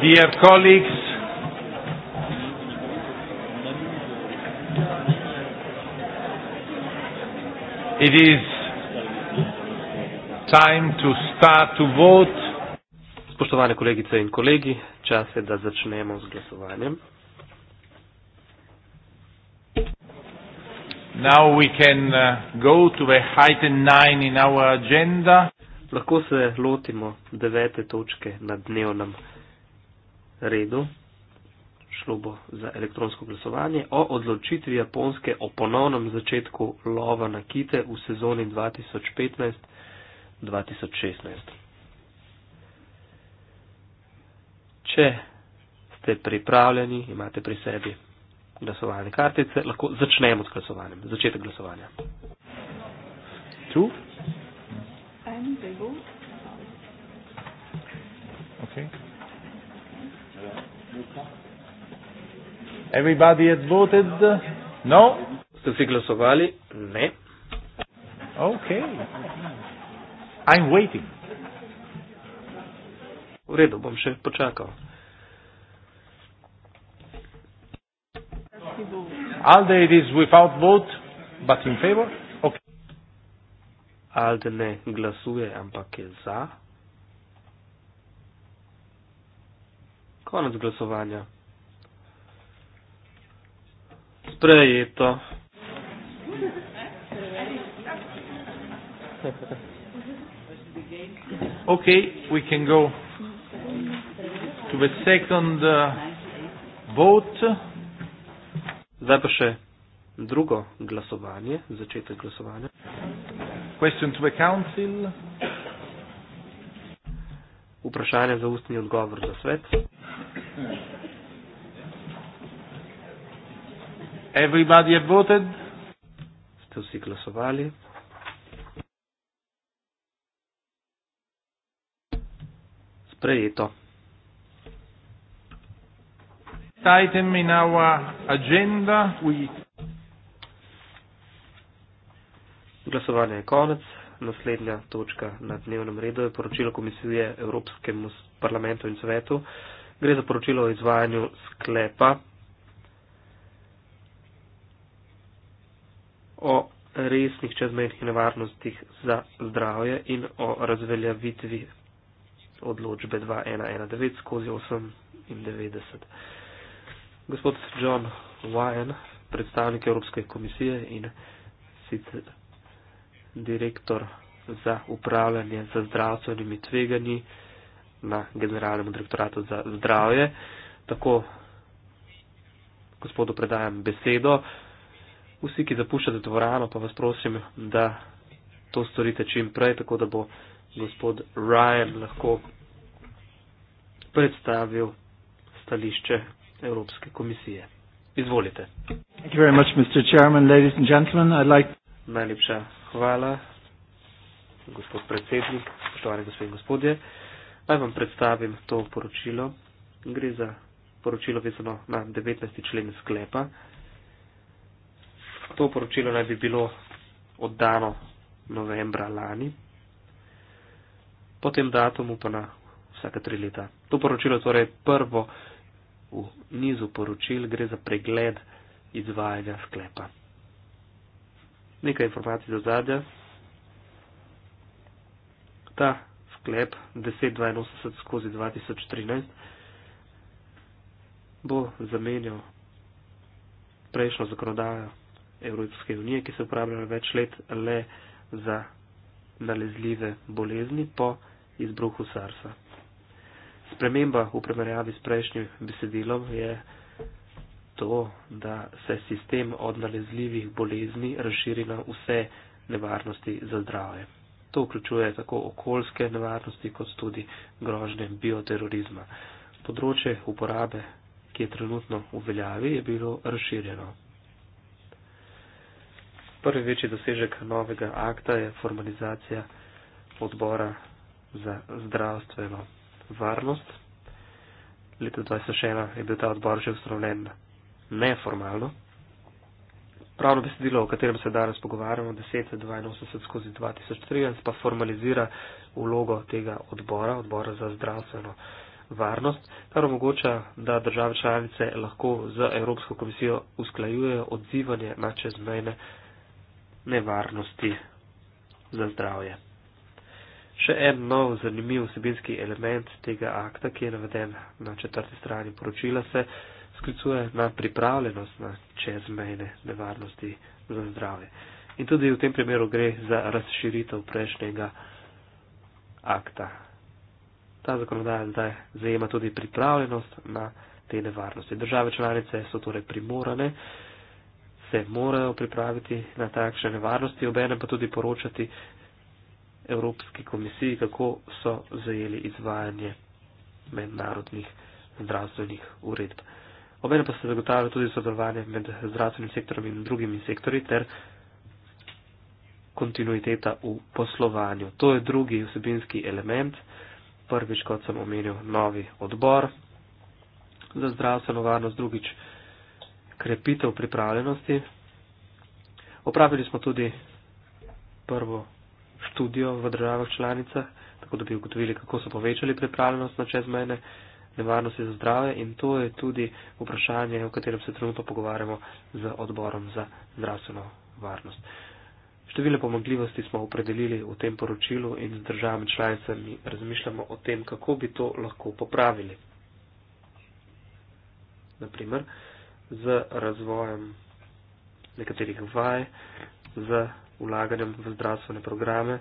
dear colleagues, it is time to start to vote. Spoštovane kolegice in kolegi, čas je, da začnemo z glasovanjem. Now we can uh, go to a heightened nine in our agenda. Lahko se lotimo devete točke na dnevnem redu redu, šlo bo za elektronsko glasovanje, o odločitvi Japonske o ponovnem začetku lova na kite v sezoni 2015-2016. Če ste pripravljeni, imate pri sebi glasovalne kartice, lahko začnemo s glasovanjem, začetek glasovanja. Tu? Okay. Everybody has voted? No? Ste vsi glasovali? Ne. Ok. I'm waiting. V redu, bom še počakal. Alde it is without vote, but in favor? Okay. Alde ne glasuje, ampak je za. Konec glasovanja. Sprejeto. Ok, we can go to the second uh, vote. Zdaj pa še drugo glasovanje, začetek glasovanja. Question to the council vprašanja za ustni odgovor za svet. Everybody had voted. Ste vsi glasovali? Sprejeto. Item in our agenda. We... Glasovanje je konec naslednja točka na dnevnem redu je poročilo Komisije Evropskemu parlamentu in svetu. Gre za poročilo o izvajanju sklepa o resnih čezmejnih nevarnostih za zdravje in o razveljavitvi odločbe 2119 skozi 98. Gospod John Wyan, predstavnik Evropske komisije in sicer direktor za upravljanje z zdravstvenimi tveganji na Generalnem direktoratu za zdravje. Tako gospodu predajam besedo. Vsi, ki zapuščate dvorano, pa vas prosim, da to storite čim prej, tako da bo gospod Ryan lahko predstavil stališče Evropske komisije. Izvolite. Much, Chairman, like... Najlepša Hvala, gospod predsednik, spoštovane gospod in gospodje. Naj vam predstavim to poročilo. Gre za poročilo vezano na 19. člen sklepa. To poročilo naj bi bilo oddano novembra lani, po tem datumu pa na vsake tri leta. To poročilo je torej prvo v nizu poročil, gre za pregled izvajanja sklepa nekaj informacij do zadnja. Ta sklep 1082 skozi 2013 bo zamenjal prejšnjo zakonodajo Evropske unije, ki se uporablja več let le za nalezljive bolezni po izbruhu SARS-a. Sprememba v primerjavi s prejšnjim besedilom je to, da se sistem od nalezljivih bolezni razširi na vse nevarnosti za zdrave. To vključuje tako okoljske nevarnosti, kot tudi grožnje bioterorizma. Področje uporabe, ki je trenutno v veljavi, je bilo razširjeno. Prvi večji dosežek novega akta je formalizacija odbora za zdravstveno varnost. Leta 2021 je bil ta odbor že ustanovljen neformalno. Pravno besedilo, o katerem se danes pogovarjamo, 1082 skozi 2013, pa formalizira vlogo tega odbora, odbora za zdravstveno varnost, kar omogoča, da države članice lahko z Evropsko komisijo usklajujejo odzivanje na čezmejne nevarnosti za zdravje. Še en nov zanimiv vsebinski element tega akta, ki je naveden na četrti strani poročila se, sklicuje na pripravljenost na čezmejne nevarnosti za zdrave. In tudi v tem primeru gre za razširitev prejšnjega akta. Ta zakonodaja zdaj zajema tudi pripravljenost na te nevarnosti. Države članice so torej primorane, se morajo pripraviti na takšne nevarnosti, obenem pa tudi poročati Evropski komisiji, kako so zajeli izvajanje mednarodnih zdravstvenih uredb obene pa se zagotavlja tudi sodelovanje med zdravstvenim sektorom in drugimi sektori ter kontinuiteta v poslovanju. To je drugi vsebinski element. Prvič, kot sem omenil, novi odbor za zdravstveno varnost, drugič, krepitev pripravljenosti. Opravili smo tudi prvo študijo v državah članicah, tako da bi ugotovili, kako so povečali pripravljenost na čezmene nevarnosti za zdrave in to je tudi vprašanje, o katerem se trenutno pogovarjamo z odborom za zdravstveno varnost. Številne pomagljivosti smo opredelili v tem poročilu in z državami članicami razmišljamo o tem, kako bi to lahko popravili. Naprimer, z razvojem nekaterih vaj, z vlaganjem v zdravstvene programe,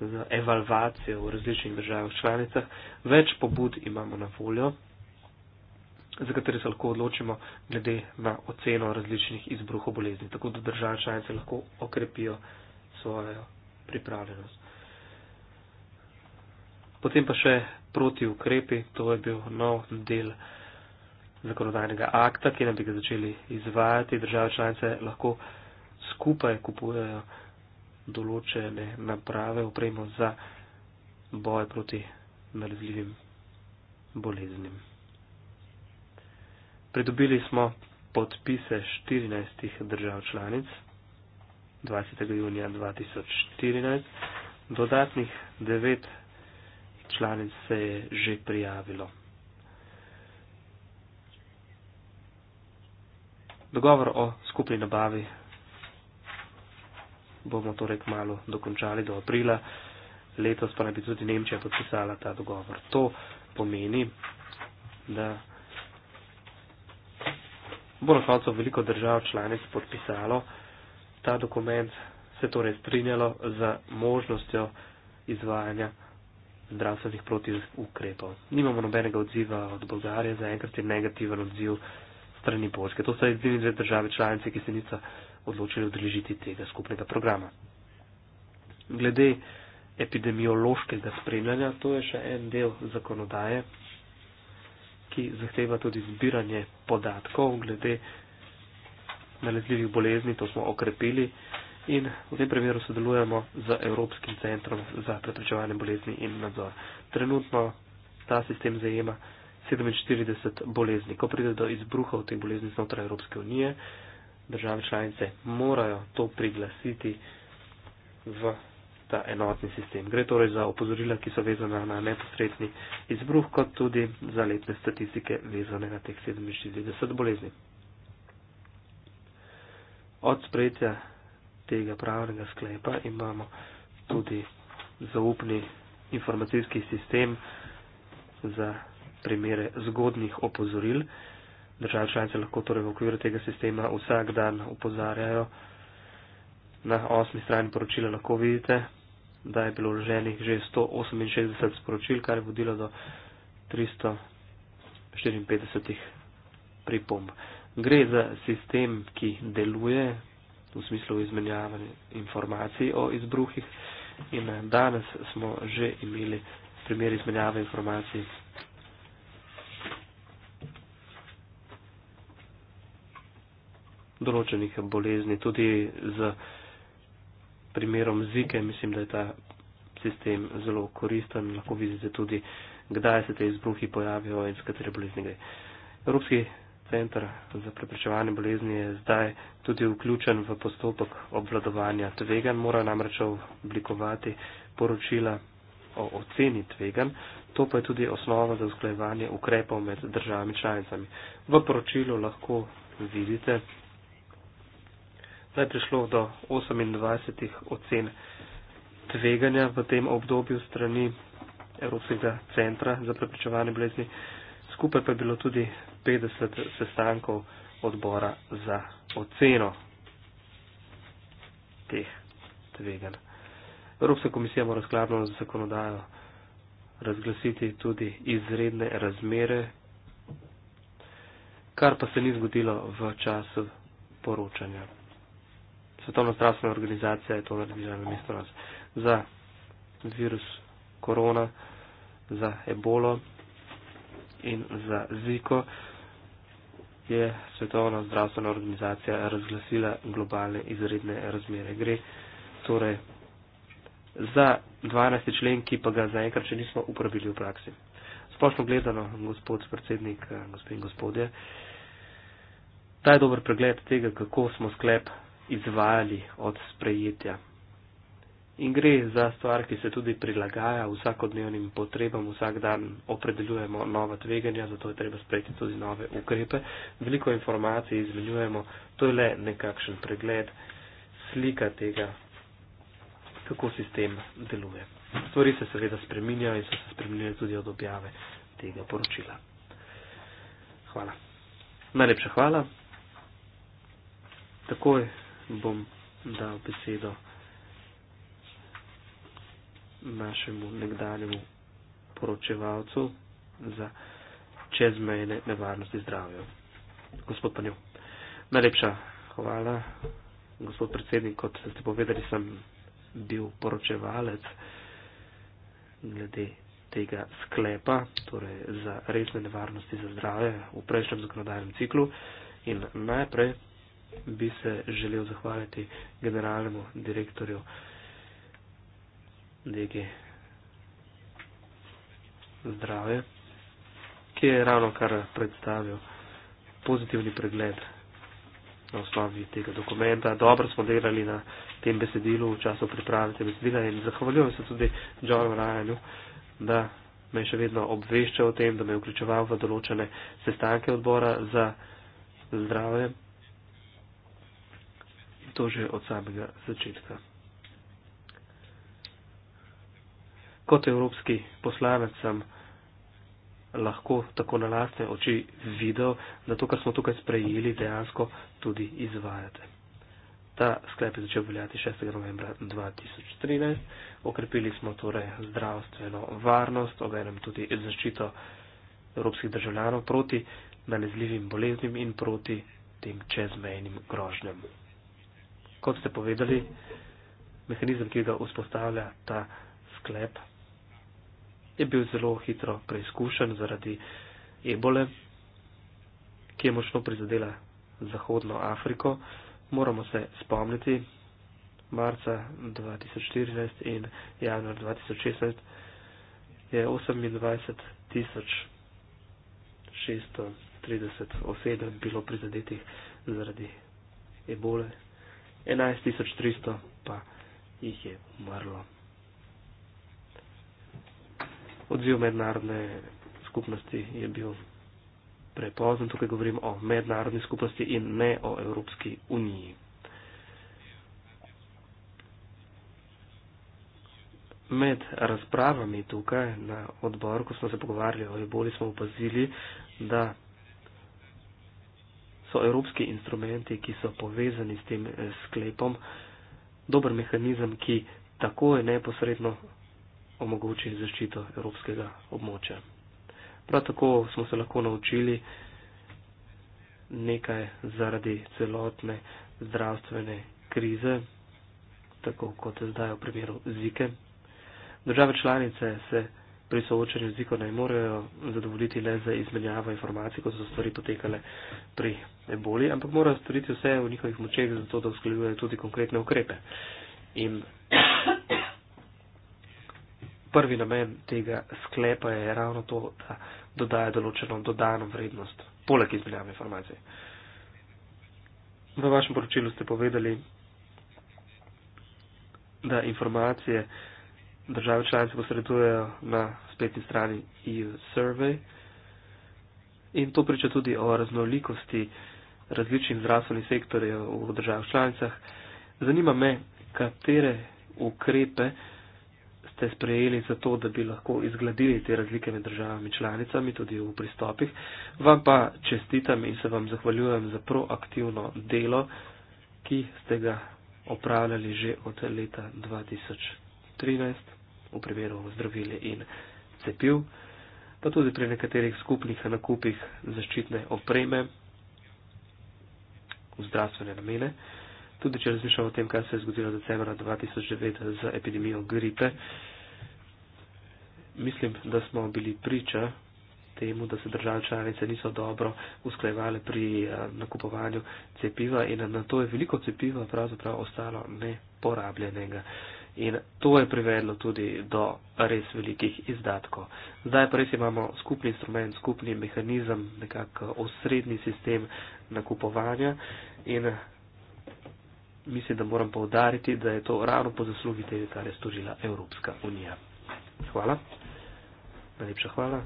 z evalvacijo v različnih državah članicah, več pobud imamo na voljo, za katere se lahko odločimo glede na oceno različnih izbruhov bolezni, tako da države članice lahko okrepijo svojo pripravljenost. Potem pa še proti ukrepi, to je bil nov del zakonodajnega akta, ki nam bi ga začeli izvajati. Države članice lahko skupaj kupujejo določene naprave, opremo za boj proti nalezljivim boleznim. Pridobili smo podpise 14 držav članic 20. junija 2014. Dodatnih 9 članic se je že prijavilo. Dogovor o skupni nabavi bomo torej kmalo dokončali do aprila. Letos pa naj bi tudi Nemčija podpisala ta dogovor. To pomeni, da bo na koncu veliko držav članic podpisalo ta dokument, se torej strinjalo za možnostjo izvajanja zdravstvenih protiukrepov. Nimamo nobenega odziva od Bolgarije, zaenkrat je negativen odziv strani Poljske. To so edini dve države članice, ki se niso odločili odrežiti tega skupnega programa. Glede epidemiološkega spremljanja, to je še en del zakonodaje, ki zahteva tudi zbiranje podatkov glede nalezljivih bolezni, to smo okrepili in v tem primeru sodelujemo z Evropskim centrom za preprečevanje bolezni in nadzor. Trenutno ta sistem zajema 47 bolezni. Ko pride do izbruha v tej bolezni znotraj Evropske unije, države članice morajo to priglasiti v ta enotni sistem. Gre torej za opozorila, ki so vezana na neposredni izbruh, kot tudi za letne statistike vezane na teh 47 bolezni. Od sprejetja tega pravnega sklepa imamo tudi zaupni informacijski sistem za primere zgodnih opozoril države članice lahko torej v okviru tega sistema vsak dan upozarjajo. Na osmi strani poročila lahko vidite, da je bilo vloženih že 168 sporočil, kar je vodilo do 354 pripomb. Gre za sistem, ki deluje v smislu izmenjavanja informacij o izbruhih in danes smo že imeli primer izmenjave informacij določenih bolezni, tudi z primerom zike, mislim, da je ta sistem zelo koristen. Lahko vidite tudi, kdaj se te izbruhi pojavijo in s katere bolezni gre. Evropski centr za preprečevanje bolezni je zdaj tudi vključen v postopek obvladovanja tvegan, mora namreč oblikovati poročila o oceni tvegan. To pa je tudi osnova za usklajevanje ukrepov med državami članicami. V poročilu lahko vidite, naj prišlo do 28 ocen tveganja v tem obdobju strani Evropskega centra za preprečevanje bolezni. Skupaj pa je bilo tudi 50 sestankov odbora za oceno teh tveganj. Evropska komisija mora skladno z zakonodajo razglasiti tudi izredne razmere, kar pa se ni zgodilo v času poročanja. Svetovna zdravstvena organizacija je to naredila na mesto nas. Za virus korona, za ebolo in za ziko je Svetovna zdravstvena organizacija razglasila globalne izredne razmere. Gre torej za 12. člen, ki pa ga zaenkrat še nismo uporabili v praksi. Splošno gledano, gospod predsednik, gospod in gospodje, ta je dober pregled tega, kako smo sklep izvajali od sprejetja. In gre za stvar, ki se tudi prilagaja vsakodnevnim potrebam, vsak dan opredeljujemo nova tveganja, zato je treba sprejeti tudi nove ukrepe. Veliko informacij izmenjujemo, to je le nekakšen pregled, slika tega, kako sistem deluje. Stvari se seveda spreminjajo in so se spreminjale tudi od objave tega poročila. Hvala. Najlepša hvala. Takoj bom dal besedo našemu nekdanjemu poročevalcu za čezmejne nevarnosti zdravja. Gospod Panjo, najlepša hvala. Gospod predsednik, kot ste povedali, sem bil poročevalec glede tega sklepa, torej za resne nevarnosti za zdravje v prejšnjem zakonodajnem ciklu. In najprej bi se želel zahvaliti generalnemu direktorju DG zdrave, ki je ravno kar predstavil pozitivni pregled na osnovi tega dokumenta. Dobro smo delali na tem besedilu v času priprave tega besedila in zahvaljujem se tudi Johnu Ryanu, da me še vedno obvešča o tem, da me je vključeval v določene sestanke odbora za zdravje to že od samega začetka. Kot evropski poslanec sem lahko tako na lastne oči videl, da to, kar smo tukaj sprejeli, dejansko tudi izvajate. Ta sklep je začel veljati 6. novembra 2013. Okrepili smo torej zdravstveno varnost, obenem tudi zaščito evropskih državljanov proti nalezljivim boleznim in proti tem čezmejnim grožnjam kot ste povedali, mehanizem, ki ga vzpostavlja ta sklep, je bil zelo hitro preizkušen zaradi ebole, ki je močno prizadela Zahodno Afriko. Moramo se spomniti marca 2014 in januar 2016 je 28 tisoč 630 oseb bilo prizadetih zaradi ebole 11.300 pa jih je umrlo. Odziv mednarodne skupnosti je bil prepozen, tukaj govorim o mednarodni skupnosti in ne o Evropski uniji. Med razpravami tukaj na odboru, ko smo se pogovarjali o eboli, smo opazili, da so evropski instrumenti, ki so povezani s tem eh, sklepom, dober mehanizem, ki tako je neposredno omogoči zaščito evropskega območja. Prav tako smo se lahko naučili nekaj zaradi celotne zdravstvene krize, tako kot zdaj v primeru zike. Države članice se pri soočanju z ikonami morejo zadovoljiti le za izmenjavo informacij, kot so stvari potekale pri eboli, ampak morajo storiti vse v njihovih močeh, zato da usklajujejo tudi konkretne ukrepe. In prvi namen tega sklepa je ravno to, da dodaja določeno dodano vrednost poleg izmenjave informacij. V vašem poročilu ste povedali, da informacije države članice posredujejo na spletni strani EU Survey. In to priča tudi o raznolikosti različnih zdravstvenih sektorjev v državah članicah. Zanima me, katere ukrepe ste sprejeli za to, da bi lahko izgledili te razlike med državami članicami, tudi v pristopih. Vam pa čestitam in se vam zahvaljujem za proaktivno delo, ki ste ga opravljali že od leta 2013 v primeru zdravile in cepiv, pa tudi pri nekaterih skupnih nakupih zaščitne opreme v zdravstvene namene. Tudi če razmišljamo o tem, kaj se je zgodilo decembra 2009 z epidemijo gripe, mislim, da smo bili priča temu, da se države članice niso dobro usklajevale pri eh, nakupovanju cepiva in na to je veliko cepiva pravzaprav ostalo neporabljenega. In to je privedlo tudi do res velikih izdatkov. Zdaj pa res imamo skupni instrument, skupni mehanizem, nekako osrednji sistem nakupovanja in mislim, da moram povdariti, da je to ravno po zaslugi tega, kar je storila Evropska unija. Hvala. Najlepša hvala.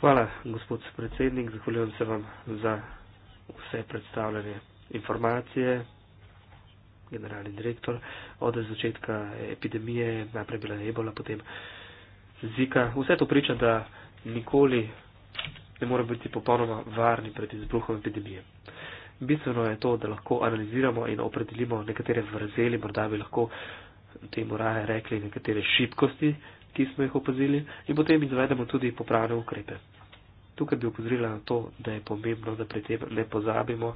Hvala, gospod predsednik. Zahvaljujem se vam za vse predstavljanje informacije, generalni direktor. Od začetka epidemije je najprej bila ebola, potem zika. Vse to priča, da nikoli ne moramo biti popolnoma varni pred izbruhom epidemije. Bistveno je to, da lahko analiziramo in opredelimo nekatere vrzeli, morda bi lahko temu raje rekli nekatere šibkosti ki smo jih opazili, in potem izvedemo tudi popravne ukrepe. Tukaj bi upozorila na to, da je pomembno, da pri tem ne pozabimo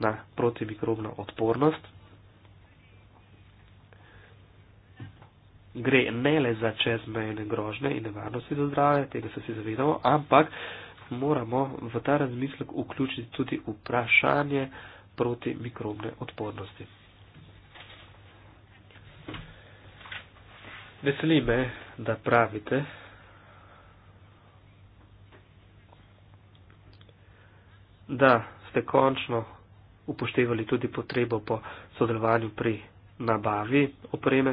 na protimikrobno odpornost. Gre ne le za čezmejne grožne in nevarnosti za zdravje, tega se vsi zavedamo, ampak moramo v ta razmislek vključiti tudi vprašanje protimikrobne odpornosti. Veseli me, да правите. Da ste končno upoštevali tudi potrebo po sodelovanju pri nabavi opreme.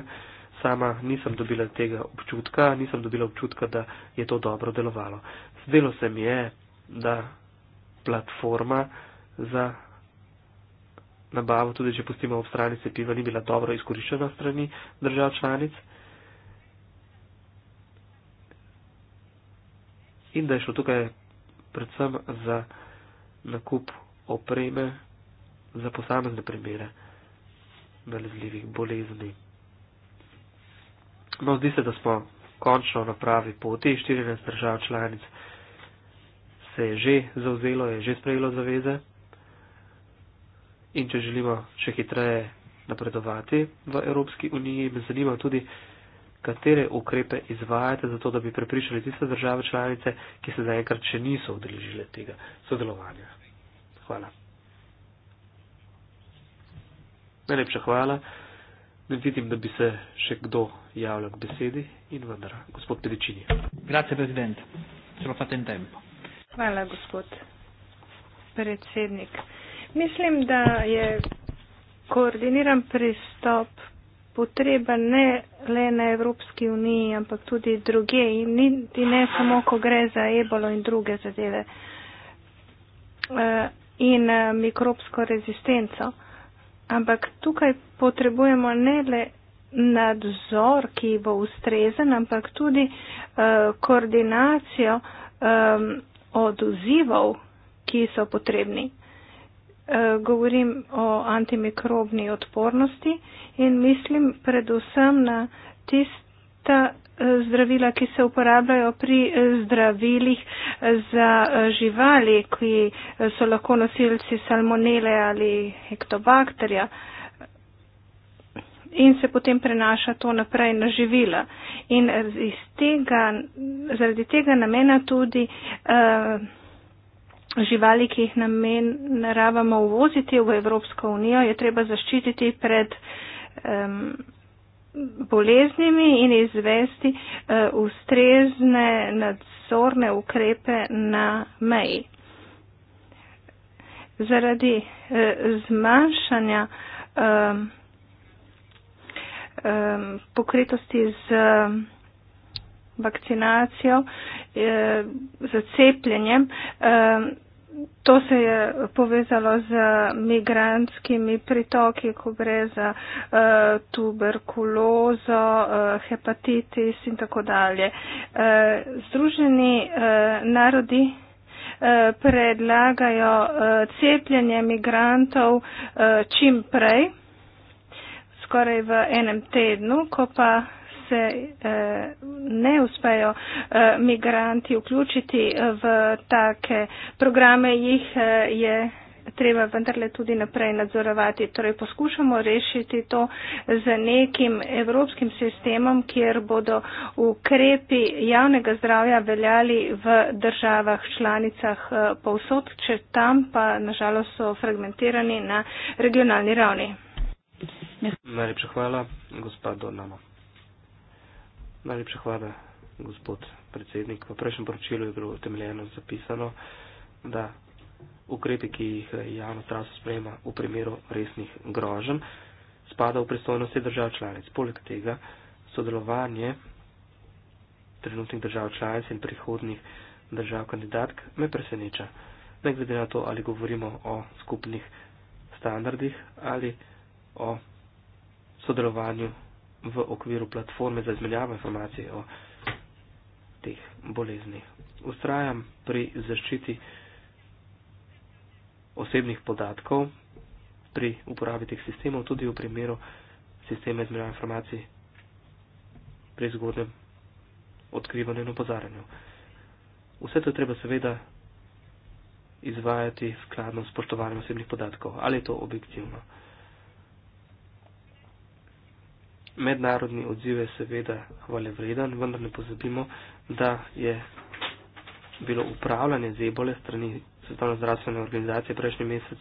Sama nisem dobila tega občutka, nisem dobila občutka, da je to dobro delovalo. Zdelo se mi je, da platforma za nabavo, tudi če pustimo ob strani cepiva, ni bila dobro izkoriščena strani držav članic. in da je šlo tukaj predvsem za nakup opreme za posamezne primere nalezljivih bolezni. No, zdi se, da smo končno na pravi poti. 14 držav članic se je že zauzelo, je že sprejelo zaveze in če želimo še hitreje napredovati v Evropski uniji, me zanima tudi, katere ukrepe izvajate za to, da bi prepričali tiste države članice, ki se zaenkrat še niso odrežile tega sodelovanja. Hvala. Najlepša hvala. Ne vidim, da bi se še kdo javljal k besedi in vendar, gospod Pedičini. Grazie, prezident. Zelo fatem tempo. Hvala, gospod predsednik. Mislim, da je koordiniran pristop potreben ne le na Evropski uniji, ampak tudi druge in ni, ne samo, ko gre za ebolo in druge zadeve eh, in eh, mikrobsko rezistenco. Ampak tukaj potrebujemo ne le nadzor, ki bo ustrezen, ampak tudi eh, koordinacijo oduzivov, ki so potrebni. Eh, govorim o antimikrobni odpornosti in mislim predvsem na tista eh, zdravila, ki se uporabljajo pri eh, zdravilih za živali, ki so lahko nosilci salmonele ali hektobakterja in se potem prenaša to naprej na živila. In iz tega, zaradi tega namena tudi. Uh, živali, ki jih namen naravamo uvoziti v Evropsko unijo, je treba zaščititi pred um, boleznimi in izvesti uh, ustrezne nadzorne ukrepe na meji. Zaradi uh, zmanjšanja um, um, pokritosti z um, vakcinacijo, uh, z cepljenjem, um, To se je povezalo z migrantskimi pritoki, ko gre za uh, tuberkulozo, uh, hepatitis in tako dalje. Uh, Združeni uh, narodi uh, predlagajo uh, cepljenje migrantov uh, čim prej, skoraj v enem tednu, ko pa. Uh, se eh, ne uspejo eh, migranti vključiti v take programe, jih eh, je treba vendarle tudi naprej nadzorovati. Torej poskušamo rešiti to z nekim evropskim sistemom, kjer bodo ukrepi javnega zdravja veljali v državah, članicah povsod, če tam pa nažalost so fragmentirani na regionalni ravni. Ja. Najlepša hvala, gospod Donamo. Najlepša hvala, gospod predsednik. V prejšnjem poročilu je bilo temeljeno zapisano, da ukrepe, ki jih javno trasa sprejema v primeru resnih grožen, spada v pristojnosti držav članic. Poleg tega sodelovanje trenutnih držav članic in prihodnih držav kandidatk me preseneča. Ne glede na to, ali govorimo o skupnih standardih ali o sodelovanju v okviru platforme za izmenjavo informacij o teh boleznih. Ustrajam pri zaščiti osebnih podatkov pri uporabi teh sistemov, tudi v primeru sistema izmenjave informacij pri zgodnem odkrivanju in opozarjanju. Vse to treba seveda izvajati skladno s poštovanjem osebnih podatkov. Ali je to objektivno? mednarodni odziv je seveda hvale vreden, vendar ne pozabimo, da je bilo upravljanje z ebole strani Svetovne zdravstvene organizacije prejšnji mesec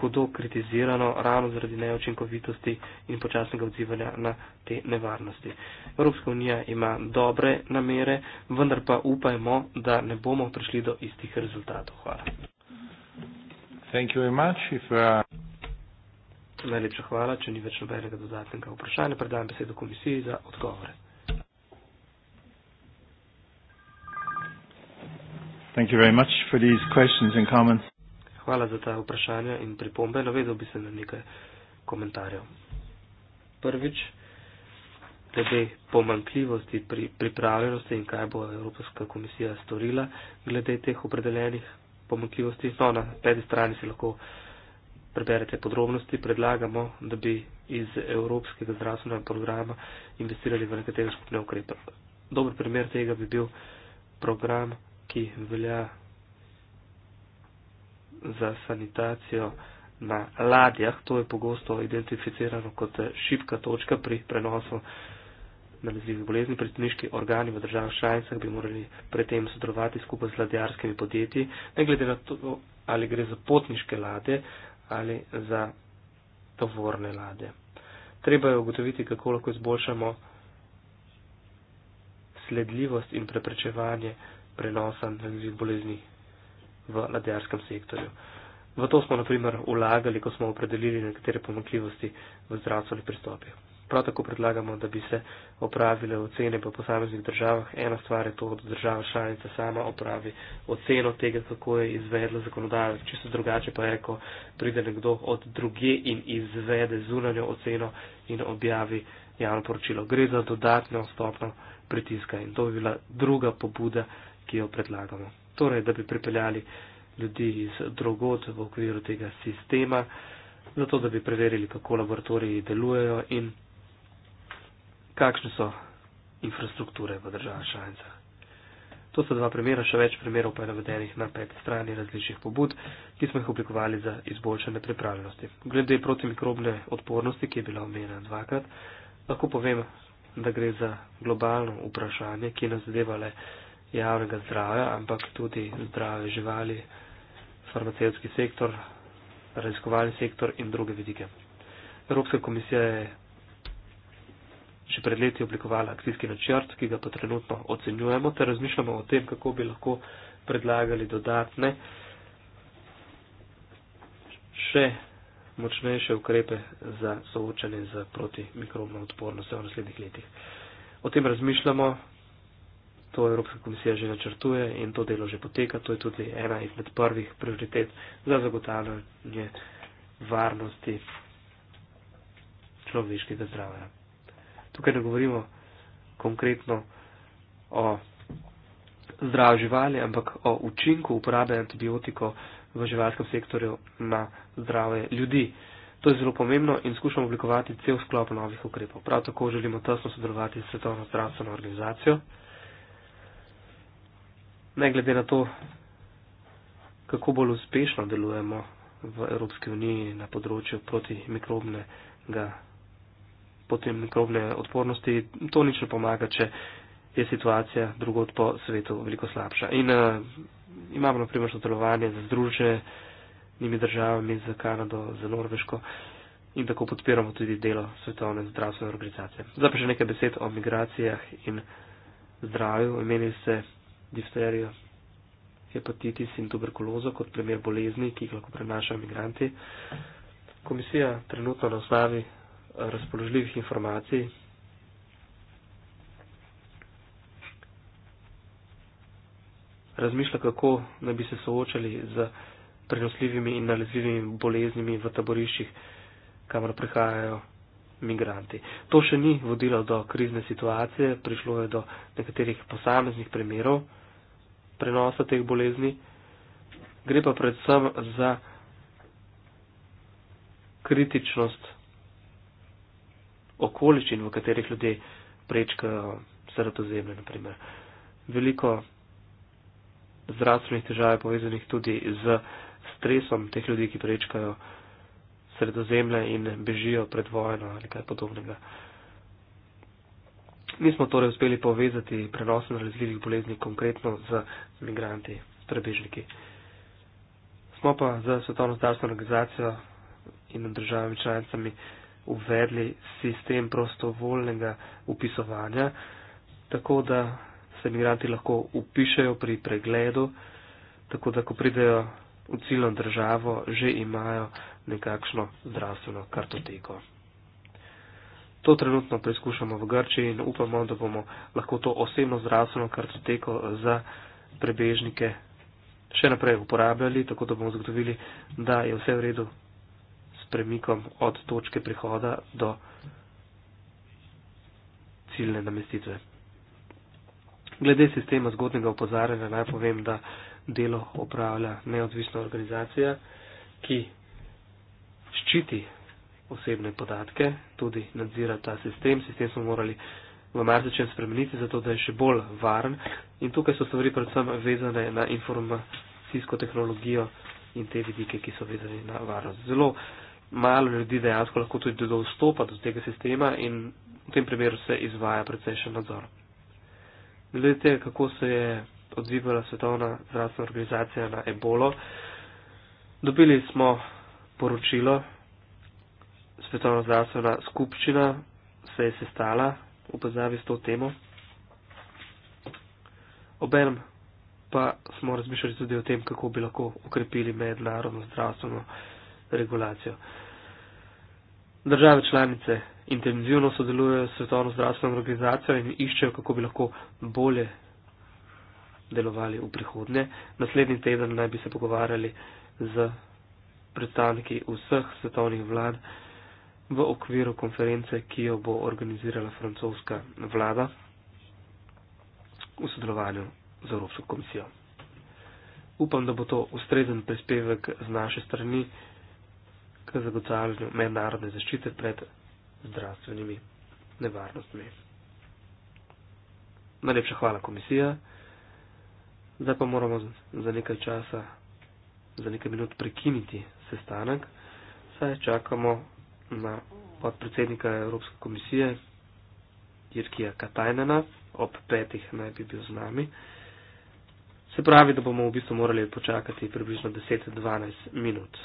hudo kritizirano ravno zaradi neočinkovitosti in počasnega odzivanja na te nevarnosti. Evropska unija ima dobre namere, vendar pa upajmo, da ne bomo prišli do istih rezultatov. Hvala. Thank you very much. If, uh... Najlepša hvala, če ni več nobenega dodatnega vprašanja, predajam besedo komisiji za odgovore. Thank you very much for these questions and comments. Hvala za ta vprašanja in pripombe. Navedel bi se na nekaj komentarjev. Prvič, glede pomankljivosti pri pripravljenosti in kaj bo Evropska komisija storila glede teh opredeljenih pomankljivosti. No, na peti strani se lahko preberete podrobnosti, predlagamo, da bi iz Evropskega zdravstvenega programa investirali v nekatere skupne ukrepe. Dober primer tega bi bil program, ki velja za sanitacijo na ladjah. To je pogosto identificirano kot šipka točka pri prenosu nalezljivih bolezni. Pritniški organi v državah članicah bi morali predtem sodelovati skupaj z ladjarskimi podjetji, ne glede na to, ali gre za potniške lade ali za tovorne lade. Treba je ugotoviti, kako lahko izboljšamo sledljivost in preprečevanje prenosa nalezljivih bolezni v ladjarskem sektorju. V to smo naprimer ulagali, ko smo opredelili nekatere pomakljivosti v zdravstvenih pristopih prav tako predlagamo, da bi se opravile ocene po posameznih državah. Ena stvar je to, da država članica sama opravi oceno tega, kako je izvedla zakonodajo. Čisto drugače pa je, ko pride nekdo od druge in izvede zunanjo oceno in objavi javno poročilo. Gre za dodatno stopno pritiska in to bi bila druga pobuda, ki jo predlagamo. Torej, da bi pripeljali ljudi iz drugot v okviru tega sistema, zato da bi preverili, kako laboratoriji delujejo in kakšne so infrastrukture v državah članicah. To so dva primera, še več primerov pa je navedenih na peti strani različnih pobud, ki smo jih oblikovali za izboljšanje pripravljenosti. Glede protimikrobne odpornosti, ki je bila omenjena dvakrat, lahko povem, da gre za globalno vprašanje, ki nas zadeva le javnega zdravja, ampak tudi zdrave živali, farmacevski sektor, raziskovalni sektor in druge vidike. Evropska komisija je že pred leti oblikovala akcijski načrt, ki ga pa trenutno ocenjujemo, ter razmišljamo o tem, kako bi lahko predlagali dodatne, še močnejše ukrepe za soočanje z protimikrobno odpornostjo v naslednjih letih. O tem razmišljamo, to Evropska komisija že načrtuje in to delo že poteka, to je tudi ena izmed prvih prioritet za zagotavljanje varnosti človeškega zdravja. Tukaj ne govorimo konkretno o zdravju živali, ampak o učinku uporabe antibiotikov v živalskem sektorju na zdrave ljudi. To je zelo pomembno in skušamo oblikovati cel sklop novih ukrepov. Prav tako želimo tesno sodelovati s Svetovno zdravstveno organizacijo. Ne glede na to, kako bolj uspešno delujemo v Evropski uniji na področju protimikrobnega potem mikrobne odpornosti, to nič ne pomaga, če je situacija drugod po svetu veliko slabša. In uh, imamo na primer sodelovanje z druženimi državami, z Kanado, z Norveško in tako podpiramo tudi delo Svetovne zdravstvene organizacije. Zdaj pa še nekaj besed o migracijah in zdravju. Imeli se difterijo, hepatitis in tuberkulozo kot primer bolezni, ki jih lahko prenašajo migranti. Komisija trenutno na osnovi razpoložljivih informacij. Razmišlja, kako naj bi se soočali z prenosljivimi in nalezljivimi boleznimi v taboriščih, kamor prihajajo migranti. To še ni vodilo do krizne situacije, prišlo je do nekaterih posameznih primerov prenosa teh bolezni. Gre pa predvsem za kritičnost okoliščin, v katerih ljudje prečkajo sredozemlje, naprimer. Veliko zdravstvenih težav je povezanih tudi z stresom teh ljudi, ki prečkajo sredozemlje in bežijo pred vojno ali kaj podobnega. Mi smo torej uspeli povezati prenos nalezljivih bolezni konkretno z migranti, s prebežniki. Smo pa za Svetovno zdravstveno organizacijo in državami članicami uvedli sistem prostovoljnega upisovanja, tako da se imigranti lahko upišajo pri pregledu, tako da ko pridejo v ciljno državo, že imajo nekakšno zdravstveno kartoteko. To trenutno preizkušamo v Grčiji in upamo, da bomo lahko to osebno zdravstveno kartoteko za prebežnike še naprej uporabljali, tako da bomo zagotovili, da je vse v redu premikom od točke prihoda do ciljne namestitve. Glede sistema zgodnega upozarjanja naj povem, da delo opravlja neodvisna organizacija, ki ščiti osebne podatke, tudi nadzira ta sistem. Sistem smo morali v marsičem spremeniti, zato da je še bolj varen. In tukaj so stvari predvsem vezane na informacijsko tehnologijo in te vidike, ki so vezane na varnost. Zelo uh, malo ljudi dejansko lahko tudi dostopa do tega sistema in v tem primeru se izvaja precejšen nadzor. Glede tega, kako se je odzivala Svetovna zdravstvena organizacija na ebolo, dobili smo poročilo, Svetovna zdravstvena skupščina se je sestala v pozavi s to temo. Obenem pa smo razmišljali tudi o tem, kako bi lahko ukrepili mednarodno zdravstveno organizacijo regulacijo. Države članice intenzivno sodelujejo s Svetovno zdravstveno organizacijo in iščejo, kako bi lahko bolje delovali v prihodnje. Naslednji teden naj bi se pogovarjali z predstavniki vseh svetovnih vlad v okviru konference, ki jo bo organizirala francoska vlada v sodelovanju z Evropsko komisijo. Upam, da bo to ustrezen prispevek z naše strani k zagotavljanju mednarodne zaščite pred zdravstvenimi nevarnostmi. Najlepša hvala komisija. Zdaj pa moramo za nekaj časa, za nekaj minut prekiniti sestanek, saj čakamo na podpredsednika Evropske komisije, Jirkija Katajnena, ob petih naj bi bil z nami. Se pravi, da bomo v bistvu morali počakati približno 10-12 minut.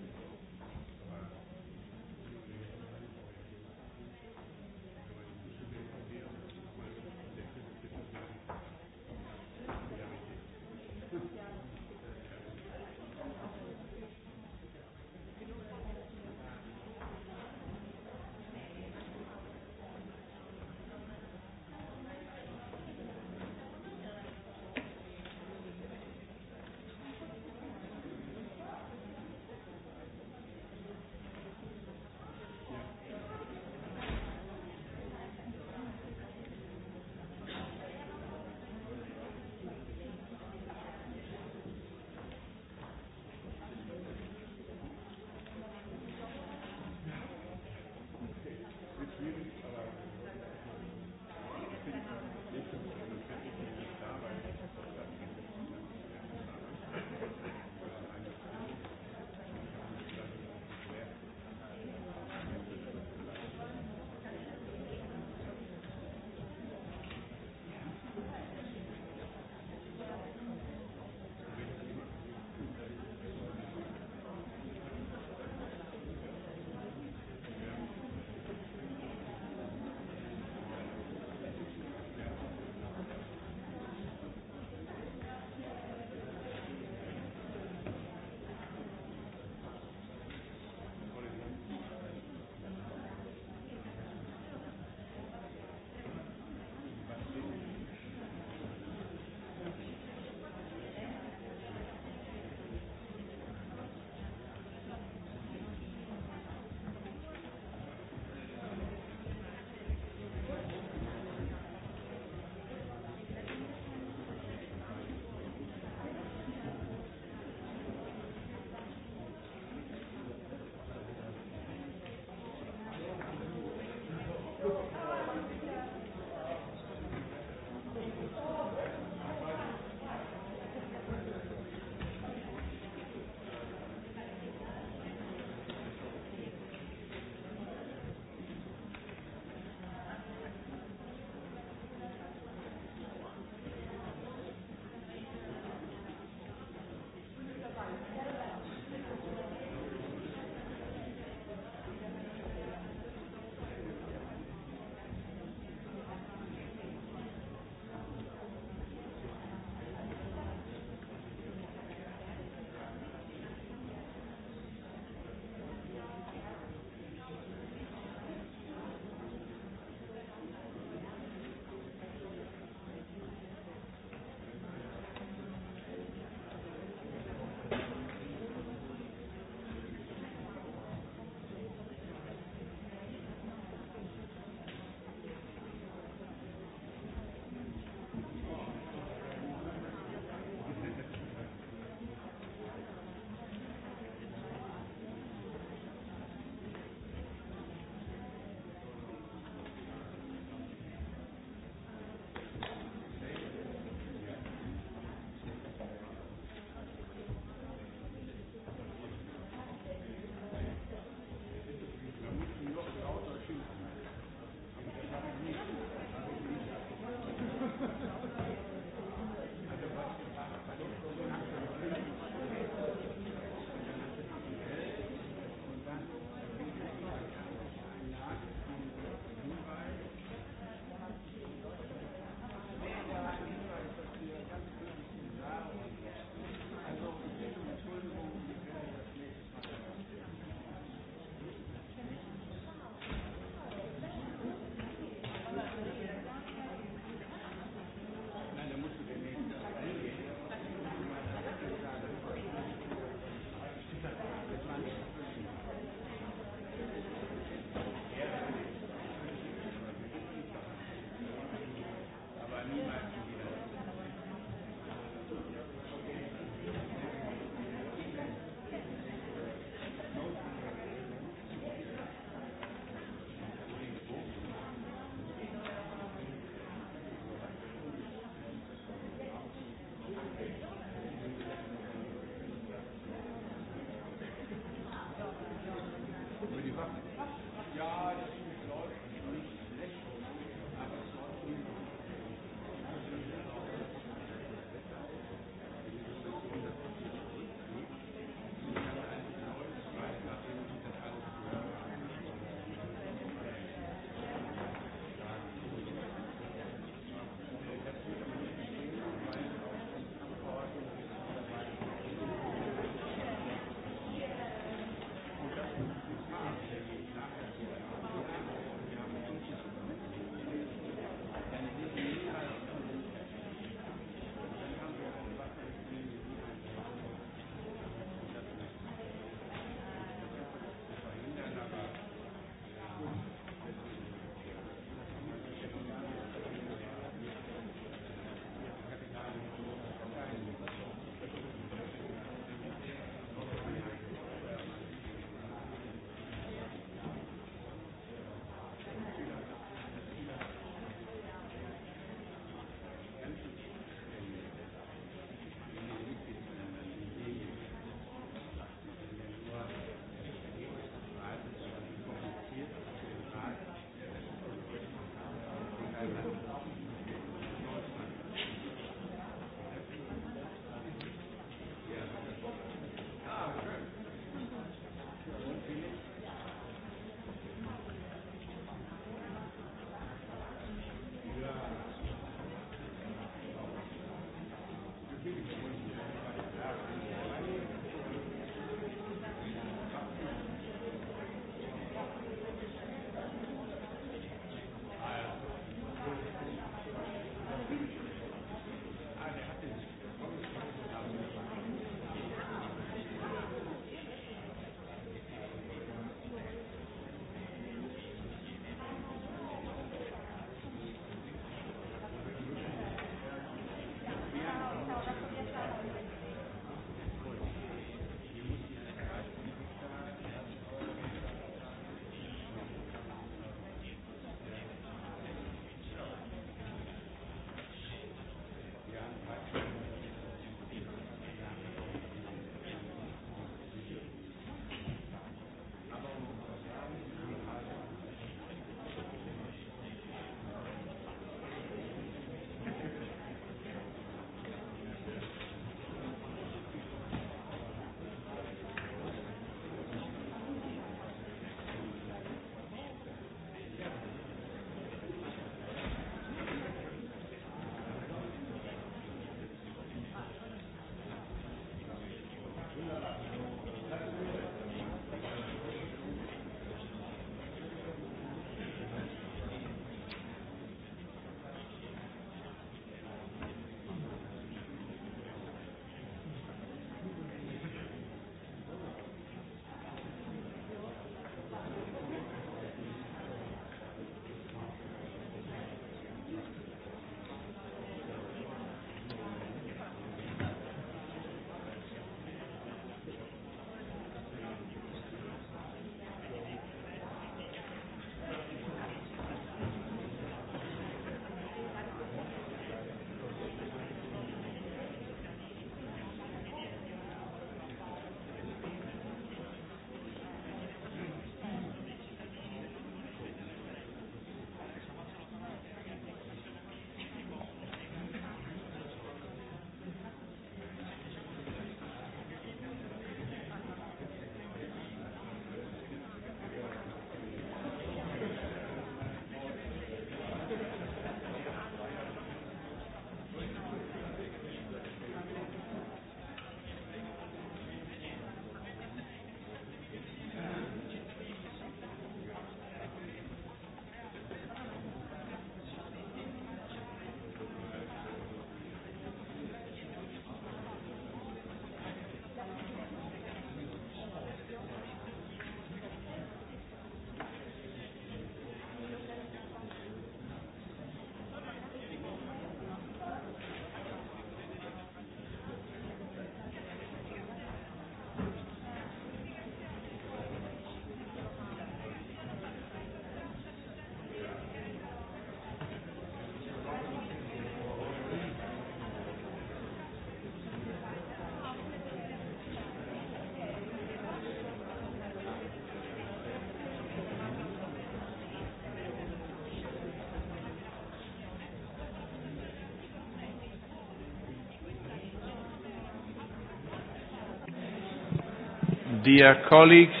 Dear colleagues,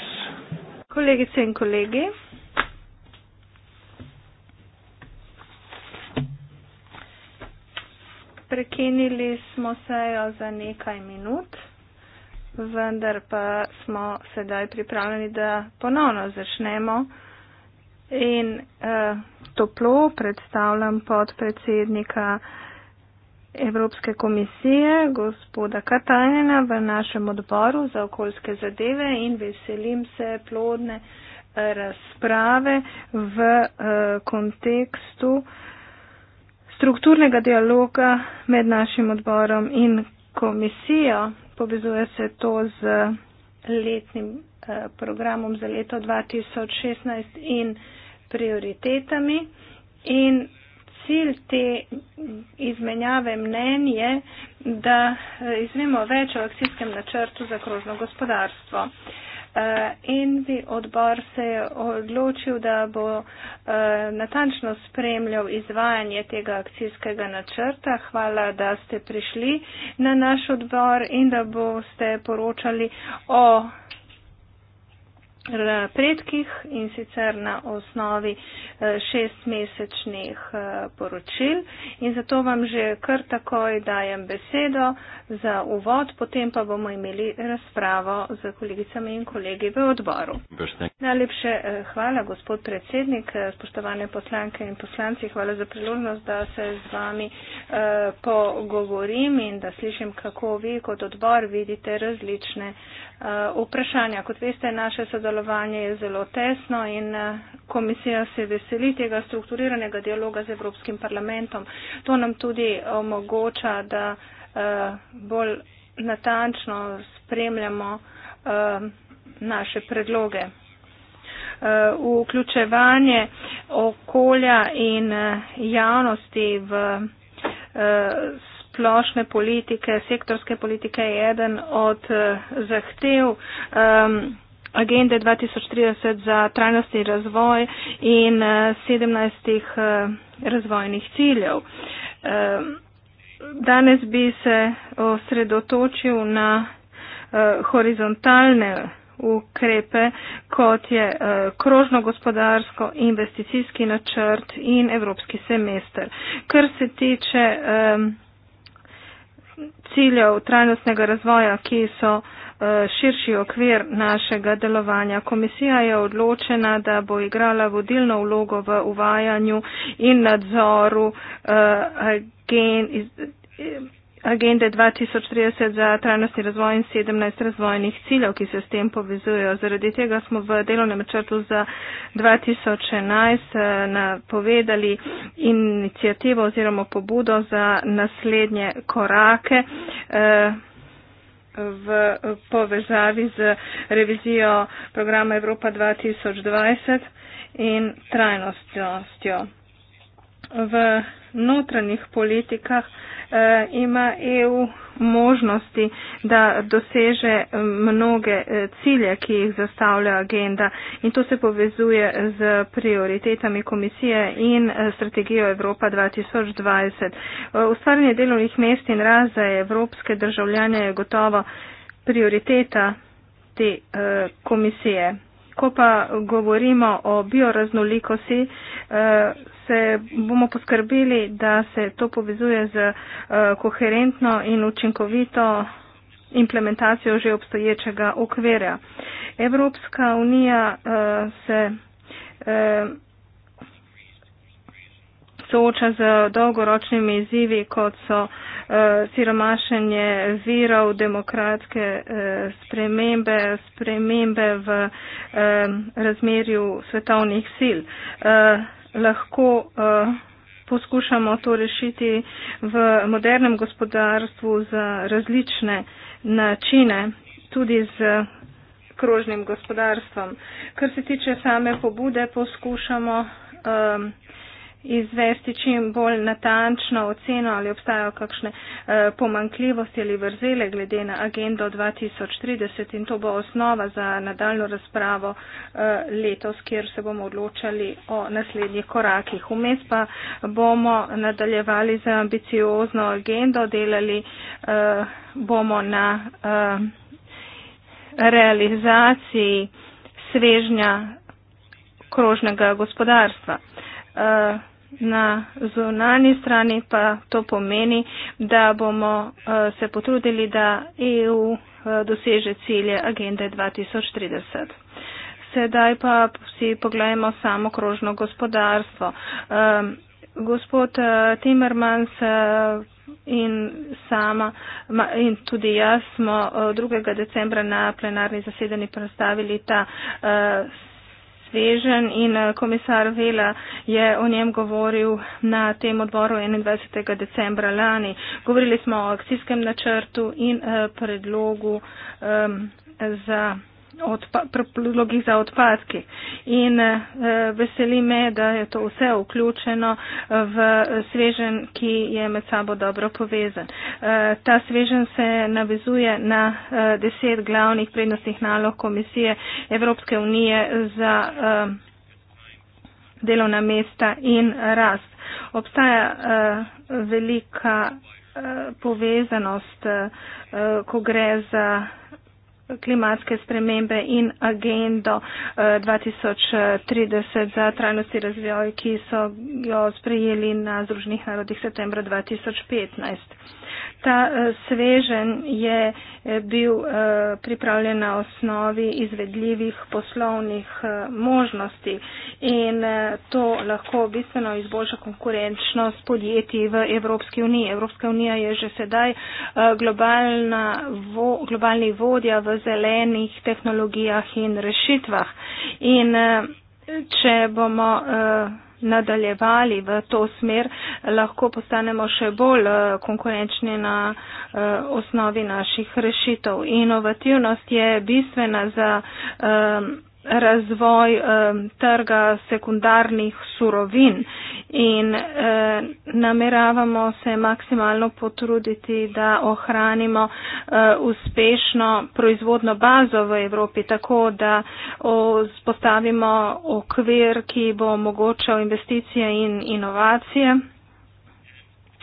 kolegice in kolegi, prekinili smo sejo za nekaj minut, vendar pa smo sedaj pripravljeni, da ponovno začnemo in uh, toplo predstavljam podpredsednika. Evropske komisije, gospoda Katajnina v našem odboru za okoljske zadeve in veselim se plodne eh, razprave v eh, kontekstu strukturnega dialoga med našim odborom in komisijo. Povezuje se to z letnim eh, programom za leto 2016 in prioritetami. In cilj te izmenjave mnen je, da izvemo več o akcijskem načrtu za krožno gospodarstvo. Eh, Envi odbor se je odločil, da bo eh, natančno spremljal izvajanje tega akcijskega načrta. Hvala, da ste prišli na naš odbor in da boste poročali o predkih in sicer na osnovi eh, šestmesečnih eh, poročil. In zato vam že kar takoj dajem besedo za uvod, potem pa bomo imeli razpravo z kolegicami in kolegi v odboru. Najlepše eh, hvala, gospod predsednik, spoštovane poslanke in poslanci, hvala za priložnost, da se z vami pogovorim in da slišim, kako vi kot odbor vidite različne Eh, vprašanja. Kot veste, naše sodelovanje je zelo tesno in eh, komisija se veseli tega strukturiranega dialoga z Evropskim parlamentom. To nam tudi omogoča, da eh, bolj natančno spremljamo naše predloge. Vključevanje okolja in javnosti v splošne politike, sektorske politike je eden od uh, zahtev um, agende 2030 za trajnostni razvoj in uh, 17 uh, razvojnih ciljev. Um, danes bi se osredotočil na uh, horizontalne ukrepe, kot je uh, krožno gospodarsko, investicijski načrt in evropski semester. Kar se tiče um, ciljev trajnostnega razvoja, ki so eh, širši okvir našega delovanja. Komisija je odločena, da bo igrala vodilno vlogo v uvajanju in nadzoru uh, eh, gen. Iz, agende 2030 za trajnostni razvoj in 17 razvojnih ciljev, ki se s tem povezujejo. Zaradi tega smo v delovnem načrtu za 2011 eh, napovedali inicijativo oziroma pobudo za naslednje korake eh, v povezavi z revizijo programa Evropa 2020 in trajnostjo v notranjih politikah eh, ima EU možnosti, da doseže eh, mnoge eh, cilje, ki jih zastavlja agenda in to se povezuje z prioritetami komisije in eh, strategijo Evropa 2020. Ustvarjanje delovnih mest in raz za evropske državljane je gotovo prioriteta te eh, komisije ko pa govorimo o bioraznolikosti, eh, se bomo poskrbeli, da se to povezuje z eh, koherentno in učinkovito implementacijo že obstoječega okvirja. Evropska unija eh, se sooča z dolgoročnimi izzivi, kot so eh, siromašenje virov, demokratske eh, spremembe, spremembe v eh, razmerju svetovnih sil. Lahko poskušamo to rešiti v modernem gospodarstvu z različne načine, tudi z krožnim gospodarstvom. Kar se tiče same pobude, poskušamo um, izvesti čim bolj natančno oceno, ali obstajajo kakšne eh, pomankljivosti ali vrzele glede na agendo 2030 in to bo osnova za nadaljno razpravo eh, letos, kjer se bomo odločali o naslednjih korakih. Vmes pa bomo nadaljevali z ambiciozno agendo, delali eh, bomo na realizaciji svežnja krožnega gospodarstva na zunani strani pa to pomeni, da bomo eh, se potrudili, da EU eh, doseže cilje agende 2030. Sedaj pa si pogledajmo samo krožno gospodarstvo. Ehm, gospod eh, Timmermans in sama in tudi jaz smo 2. decembra na plenarni zasedanji predstavili ta svežen in eh, komisar Vela je o njem govoril na tem odboru 21. decembra lani. Govorili smo o akcijskem načrtu in eh, predlogu eh, za predlogih za odpadki. In eh, veseli me, da je to vse vključeno eh, v svežen, ki je med sabo dobro povezan. Eh, ta svežen se navezuje na eh, deset glavnih prednostnih nalog Komisije Evropske unije za eh, delovna mesta in rast. Obstaja eh, velika eh, povezanost, eh, eh ko gre za. Eh, klimatske spremembe in agendo 2030 eh, za trajnostni razvoj, ki so jo sprejeli na Združenih narodih septembra 2015. Ta eh, svežen je eh, bil pripravljen na osnovi izvedljivih poslovnih možnosti in to lahko bistveno izboljša konkurenčnost podjetij v Evropski uniji. Evropska unija je že sedaj globalna, globalni vodja v zelenih tehnologijah in rešitvah. In eh, če bomo eh, nadaljevali v to smer, lahko postanemo še bolj eh, konkurenčni na osnovi naših rešitev. Inovativnost je bistvena za razvoj eh, trga sekundarnih surovin in eh, nameravamo se maksimalno potruditi, da ohranimo eh, uspešno proizvodno bazo v Evropi, tako da spostavimo okvir, ki bo omogočal investicije in inovacije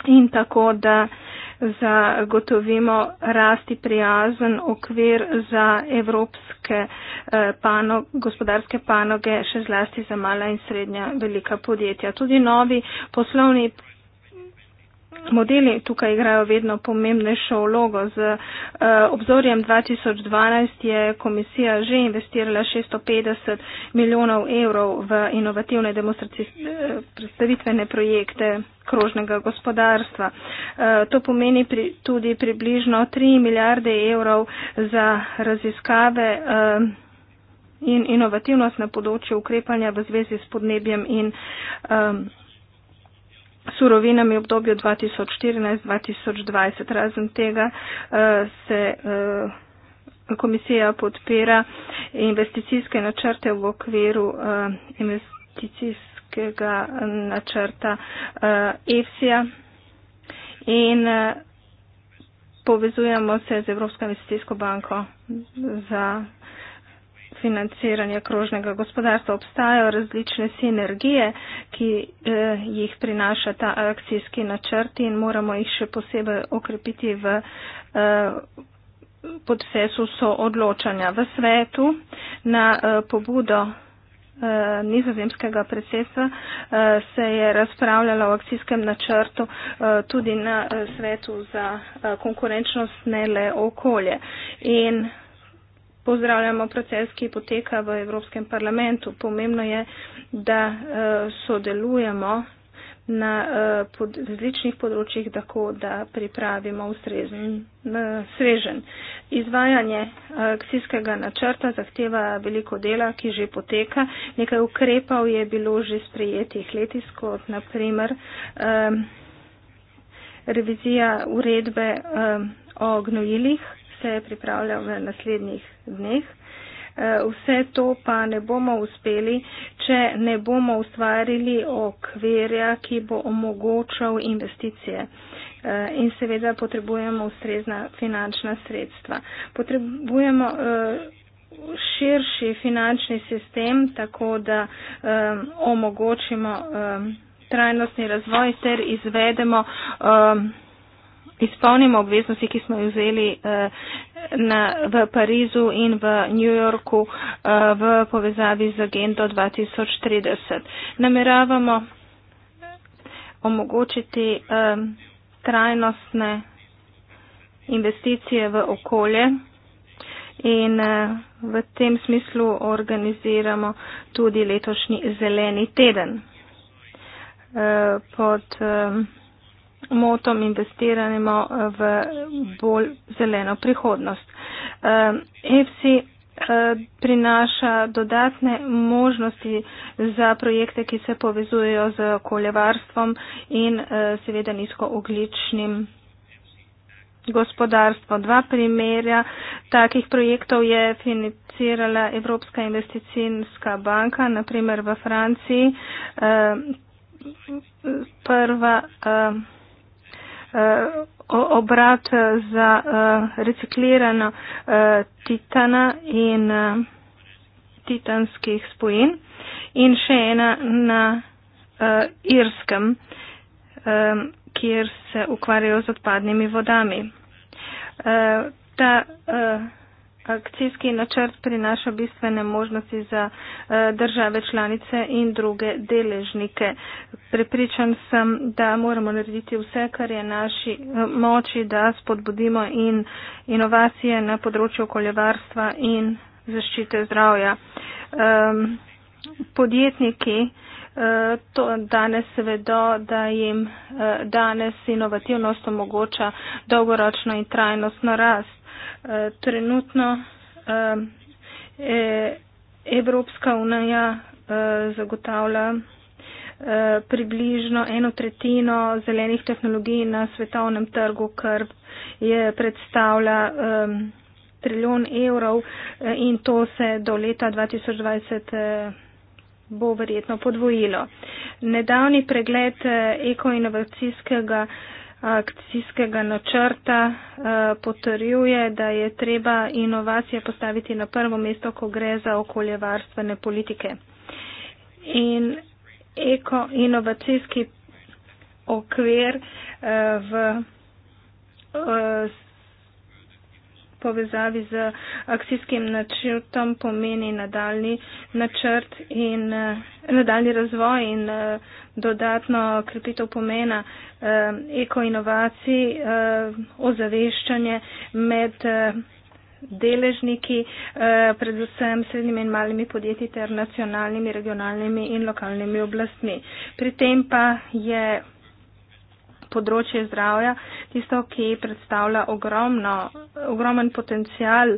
in tako da eh, zagotovimo rasti prijazen okvir za evropske eh, panog, gospodarske panoge, še zlasti za mala in srednja velika podjetja. Tudi novi poslovni modeli tukaj igrajo vedno pomembnejšo vlogo. Z uh, obzorjem 2012 je komisija že investirala 650 milijonov evrov v inovativne predstavitvene projekte krožnega gospodarstva. Eh, to pomeni pri, tudi približno 3 milijarde evrov za raziskave eh, in inovativnost na področju ukrepanja v zvezi s podnebjem in um, surovinami obdobju 2014-2020. Razen tega eh, se eh, komisija podpira investicijske načrte v okviru eh, investicijskega načrta EFSI-ja in povezujemo se z Evropsko investicijsko banko za financiranja krožnega gospodarstva obstajajo različne sinergije, ki eh, jih prinaša ta akcijski načrt in moramo jih še posebej okrepiti v eh, procesu soodločanja v svetu na eh, pobudo. Eh, nizozemskega predsedstva eh, se je razpravljala o akcijskem načrtu eh, tudi na svetu za konkurenčnost, ne le okolje. In pozdravljamo proces, ki poteka v Evropskem parlamentu. Pomembno je, da eh, sodelujemo na eh, različnih področjih, tako da pripravimo ustrezen eh, svežen. Izvajanje akcijskega načrta zahteva veliko dela, ki že poteka. Nekaj ukrepov je bilo že sprejetih letis, kot naprimer revizija uredbe o gnojilih se je pripravljal v naslednjih dneh. E, vse to pa ne bomo uspeli, če ne bomo ustvarili okvirja, ki bo omogočal investicije. E, in seveda potrebujemo ustrezna finančna sredstva. Potrebujemo e, širši finančni sistem, tako da omogočimo trajnostni razvoj ter izvedemo izpolnimo obveznosti, ki smo jih vzeli uh, na, v Parizu in v New Yorku uh, v povezavi z agendo 2030. Nameravamo omogočiti um, trajnostne investicije v okolje in uh, v tem smislu organiziramo tudi letošnji zeleni teden uh, pod. Um, motom investiranemo eh, v bolj zeleno prihodnost. EFSI ehm, eh, prinaša dodatne možnosti za projekte, ki se povezujejo z okoljevarstvom in eh, seveda nizkoogličnim gospodarstvom. Dva primerja takih projektov je financirala Evropska investicijska banka, naprimer v Franciji. Ehm, prva ehm, uh, obrat eh, za uh, reciklirano uh, titana in uh, titanskih spojin in še ena na uh, Irskem, um, kjer se ukvarjajo z odpadnimi vodami. Uh, ta, uh, Akcijski načrt prinaša bistvene možnosti za eh, države članice in druge deležnike. Prepričan sem, da moramo narediti vse, kar je naši eh, moči, da spodbudimo in inovacije na področju okoljevarstva in zaščite zdravja. Ehm, podjetniki eh, to danes vedo, da jim danes inovativnost omogoča dolgoročno in trajnostno rast. Eh, trenutno eh, e-, Evropska unija eh, zagotavlja približno eno tretjino zelenih tehnologij na svetovnem trgu, kar je predstavlja um, trilijon evrov in to se do leta 2020 bo verjetno podvojilo. Nedavni pregled ekoinovacijskega uh, akcijskega načrta eh, potrjuje, da je treba inovacije postaviti na prvo mesto, ko gre za okoljevarstvene politike. In ekoinovacijski okvir eh, v eh, povezavi z akcijskim načrtom pomeni nadaljni načrt in nadaljni razvoj in dodatno krepitev pomena eh, ekoinovacij, eh, ozaveščanje med eh, deležniki, eh, predvsem srednjimi in malimi podjetji ter nacionalnimi, regionalnimi in lokalnimi oblastmi. Pri tem pa je področje zdravja tisto, ki predstavlja ogromno, ogromen potencial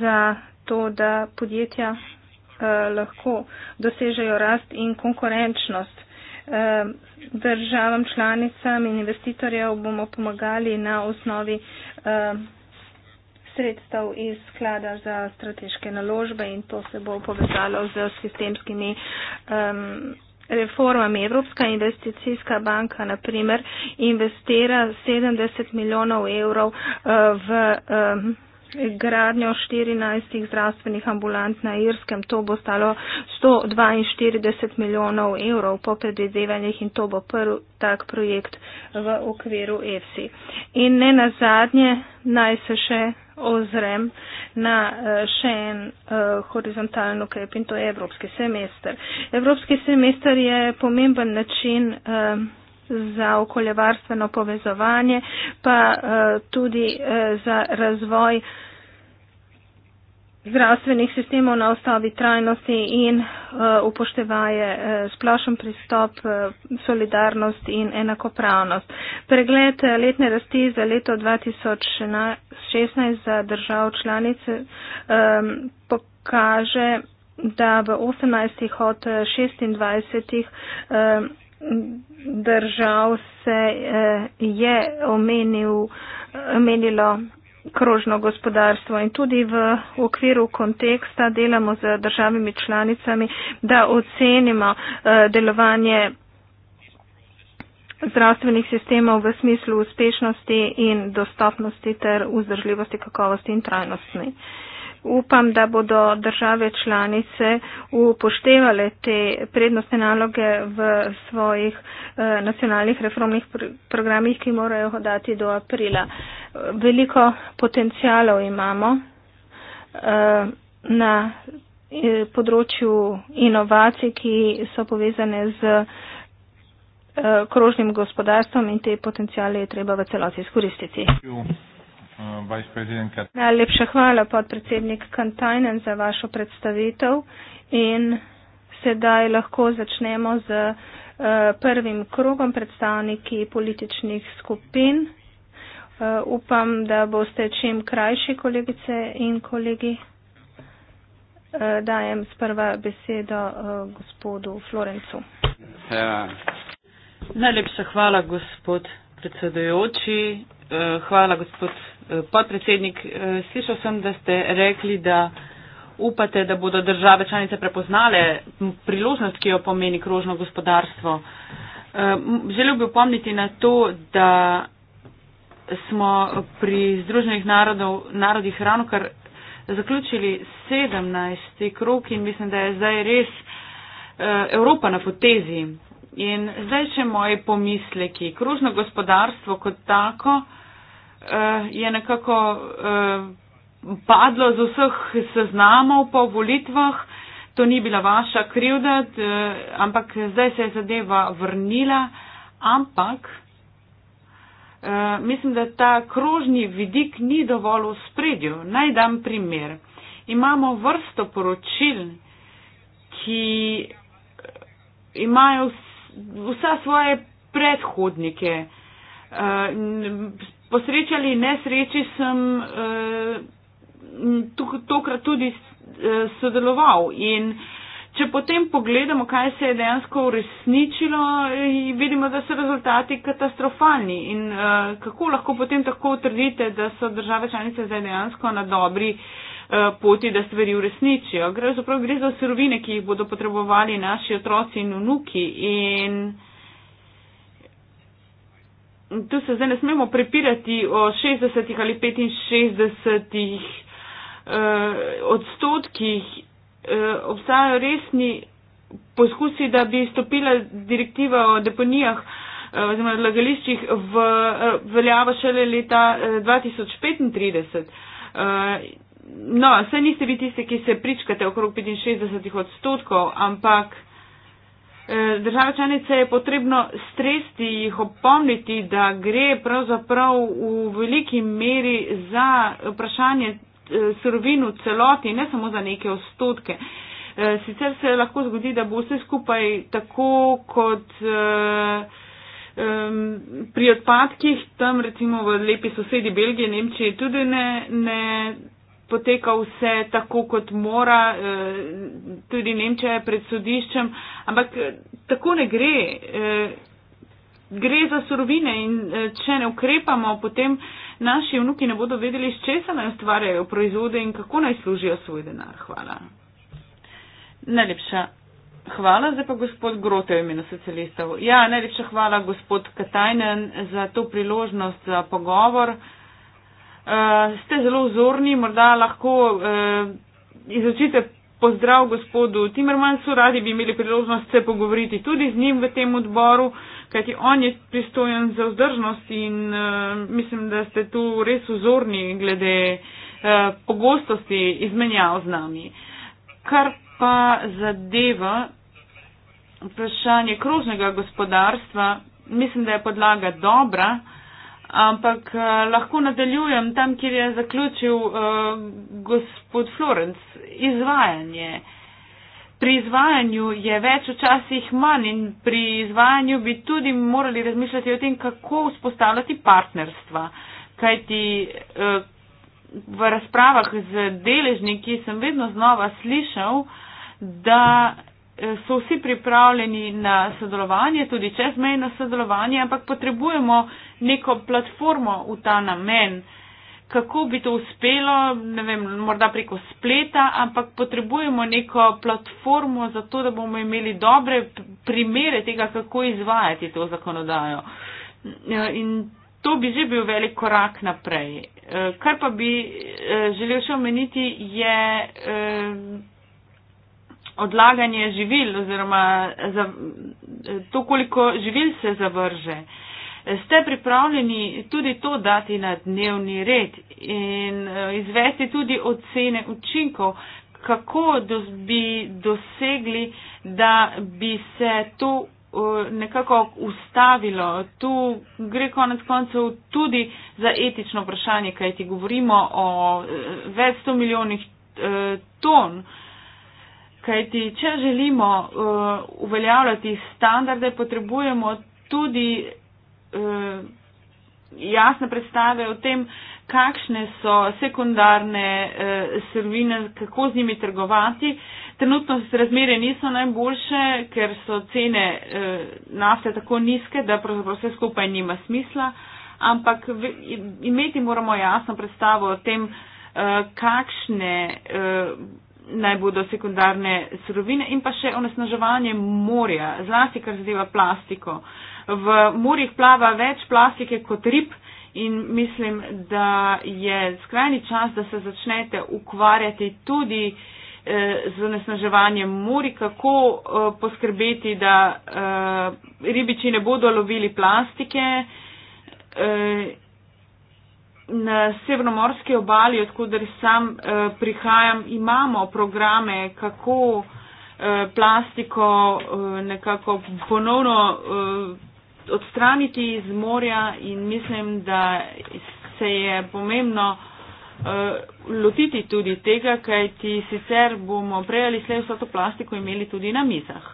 za to, da podjetja eh, lahko dosežejo rast in konkurenčnost. Eh, državam članicam in investitorjev bomo pomagali na osnovi eh, sredstev iz sklada za strateške naložbe in to se bo povezalo z sistemskimi reformami. Evropska investicijska banka, na primer, investira 70 milijonov evrov eh, v gradnjo 14 zdravstvenih ambulant na Irskem. To bo stalo 142 milijonov evrov po predvidevanjih in to bo prvi tak projekt v okviru EFSI. In ne na zadnje, naj se še ozrem na eh, še en uh, horizontalno ukrep in to je Evropski semester. Evropski semester je pomemben način. Uh, za okoljevarstveno povezovanje, pa eh, tudi eh, za razvoj zdravstvenih sistemov na osnovi trajnosti in eh, upoštevaje splošen pristop, solidarnost in enakopravnost. Pregled letne rasti za leto 2016 za držav članice ehm, pokaže, da v 18 od 26 držav se eh, je omenil, omenilo krožno gospodarstvo in tudi v okviru konteksta delamo z državami članicami, da ocenimo eh, delovanje zdravstvenih sistemov v smislu uspešnosti in dostopnosti ter vzdržljivosti, kakovosti in trajnostnosti upam, da bodo države članice upoštevale te prednostne naloge v svojih eh, nacionalnih reformnih pr programih, ki morajo dati do aprila. Veliko potencijalov imamo eh, na eh, področju inovacij, ki so povezane z eh, krožnim gospodarstvom in te potencijale je treba v celoti izkoristiti. Jo. Uh, Najlepša hvala, podpredsednik Kantajnen, za vašo predstavitev in sedaj lahko začnemo z uh, prvim krogom predstavniki političnih skupin. Uh, upam, da boste čim krajši, kolegice in kolegi. Uh, dajem sprva besedo uh, gospodu Florencu. Ja. Najlepša hvala, gospod predsedujoči. Uh, hvala, gospod podpredsednik, eh, slišal sem, da ste rekli, da upate, da bodo države članice prepoznale priložnost, ki jo pomeni krožno gospodarstvo. Eh, želel bi upomniti na to, da smo pri Združenih narodov, narodih ravno kar zaključili 17. krok in mislim, da je zdaj res eh, Evropa na potezi. In zdaj, če moji pomisleki, krožno gospodarstvo kot tako, Eh, je nekako eh, padlo z vseh seznamov po volitvah. To ni bila vaša krivda, eh, ampak zdaj se je zadeva vrnila. Ampak mislim, da ta krožni vidik ni dovolj v spredju. Naj dam primer. Imamo vrsto poročil, ki imajo vsa svoje predhodnike po sreči ali nesreči sem uh, tokrat tudi uh, sodeloval. In če potem pogledamo, kaj se je dejansko uresničilo, eh, vidimo, da so rezultati katastrofalni. In uh, kako lahko potem tako utrdite, da so države članice zdaj dejansko na dobri poti, da stvari uresničijo. Gre, gre za surovine, ki jih bodo potrebovali naši otroci in vnuki. In tu se zdaj ne smemo prepirati o 60 ali 65 eh, odstotkih. Eh, obstajajo resni poskusi, da bi stopila direktiva o deponijah eh, oziroma odlagališčih v eh, veljavo šele leta eh, 2035. Eh, no, vse niste vi tiste, ki se pričkate okrog 65 odstotkov, ampak. Eh, države članice je potrebno stresti, jih opomniti, da gre pravzaprav v veliki meri za vprašanje eh, surovin v celoti, ne samo za neke ostotke. Eh, sicer se lahko zgodi, da bo vse skupaj tako kot pri odpadkih, tam recimo v lepi sosedi Belgije, Nemčije, tudi ne. ne poteka vse tako, kot mora, eh, tudi Nemčija je pred sodiščem, ampak eh, tako ne gre. Eh, gre za surovine in če ne ukrepamo, potem naši vnuki ne bodo vedeli, s česa naj ustvarjajo proizvode in kako naj služijo svoj denar. Hvala. Najlepša hvala, zdaj pa gospod Grote v imenu socialistov. Ja, najlepša hvala, gospod Katajnen, za to priložnost za pogovor uh, ste zelo vzorni, morda lahko uh, eh, izrečete pozdrav gospodu Timmermansu, radi bi imeli priložnost se pogovoriti tudi z njim v tem odboru, kajti on je pristojen za vzdržnost in uh, mislim, da ste tu res vzorni glede uh, pogostosti izmenjav z nami. Kar pa zadeva vprašanje krožnega gospodarstva, mislim, da je podlaga dobra. Uh, ampak uh, lahko nadaljujem tam, kjer je zaključil uh, gospod Florenc. Izvajanje. Pri izvajanju je več včasih manj in pri izvajanju bi tudi morali razmišljati o tem, kako vzpostavljati partnerstva. Kajti uh, v razpravah z deležniki sem vedno znova slišal, da so vsi pripravljeni na sodelovanje, tudi čezmejno sodelovanje, ampak potrebujemo neko platformo v ta namen. Kako bi to uspelo, ne vem, morda preko spleta, ampak potrebujemo neko platformo za to, da bomo imeli dobre primere tega, kako izvajati to zakonodajo. Ja, in to bi že bil velik korak naprej. Eh, kar pa bi eh, želel še omeniti, je eh, odlaganje živil oziroma za, to, koliko živil se zavrže. Ste pripravljeni tudi to dati na dnevni red in eh, izvesti tudi ocene učinkov, kako dos, bi dosegli, da bi se to eh, nekako ustavilo. Tu gre konec koncev tudi za etično vprašanje, kajti govorimo o eh, več sto milijonih ton. Uh, Kajti, če želimo uh, uveljavljati standarde, potrebujemo tudi uh, jasne predstave o tem, kakšne so sekundarne uh, servine, kako z njimi trgovati. Trenutno se razmere niso najboljše, ker so cene uh, nafte tako nizke, da pravzaprav vse skupaj nima smisla, ampak v, imeti moramo jasno predstavo o tem, uh, kakšne. Uh, naj bodo sekundarne surovine in pa še onesnaževanje morja, zlasti kar zadeva plastiko. V morjih plava več plastike kot rib in mislim, da je skrajni čas, da se začnete ukvarjati tudi eh, z onesnaževanjem mori, kako eh, poskrbeti, da eh, ribiči ne bodo lovili plastike na severnomorski obali, odkudar sam eh, prihajam, imamo programe, kako eh, plastiko eh, nekako ponovno eh, odstraniti iz morja in mislim, da se je pomembno eh, lotiti tudi tega, kaj ti sicer bomo prej ali slej vso to plastiko imeli tudi na mizah.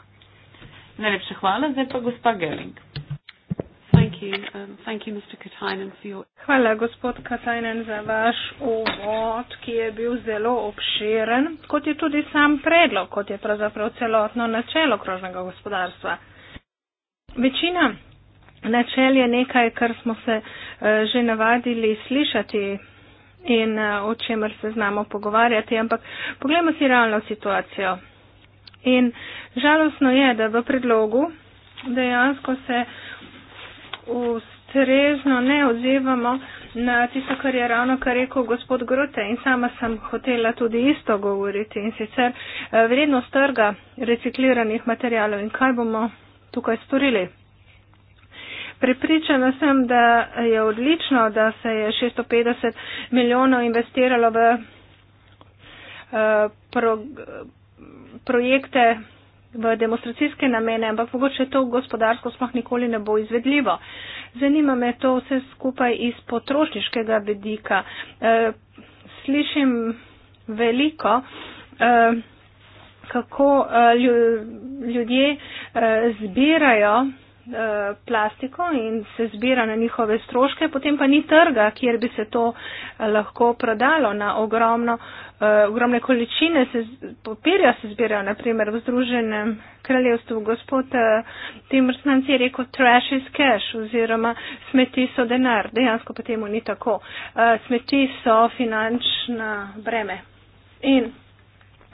Najlepša hvala, zdaj pa gospa Gelling. Um, Hvala, gospod Katajnen, za vaš uvod, ki je bil zelo obširen, kot je tudi sam predlog, kot je pravzaprav celotno načelo krožnega gospodarstva. Večina načel je nekaj, kar smo se eh, že navadili slišati in eh, o čemer se znamo pogovarjati, ampak pogledamo si realno situacijo. In žalostno je, da v predlogu dejansko se ustrezno ne odzivamo na tisto, kar je ravno kar rekel gospod Grote in sama sem hotela tudi isto govoriti in sicer eh, vrednost trga recikliranih materijalov in kaj bomo tukaj storili. Pripričana sem, da je odlično, da se je 650 milijonov investiralo v uh, eh, pro, projekte v demonstracijske namene, ampak mogoče to gospodarsko smah nikoli ne bo izvedljivo. Zanima me to vse skupaj iz potrošniškega vedika. E, slišim veliko, e, kako e, ljudje e, zbirajo Eh, plastiko in se zbira na njihove stroške, potem pa ni trga, kjer bi se to eh, lahko prodalo na ogromno, eh, ogromne količine se, papirja se zbirajo, naprimer v Združenem kraljevstvu gospod Timrsnanc je rekel trash is cash oziroma smeti so denar, dejansko pa temu ni tako, smeti so finančna breme. In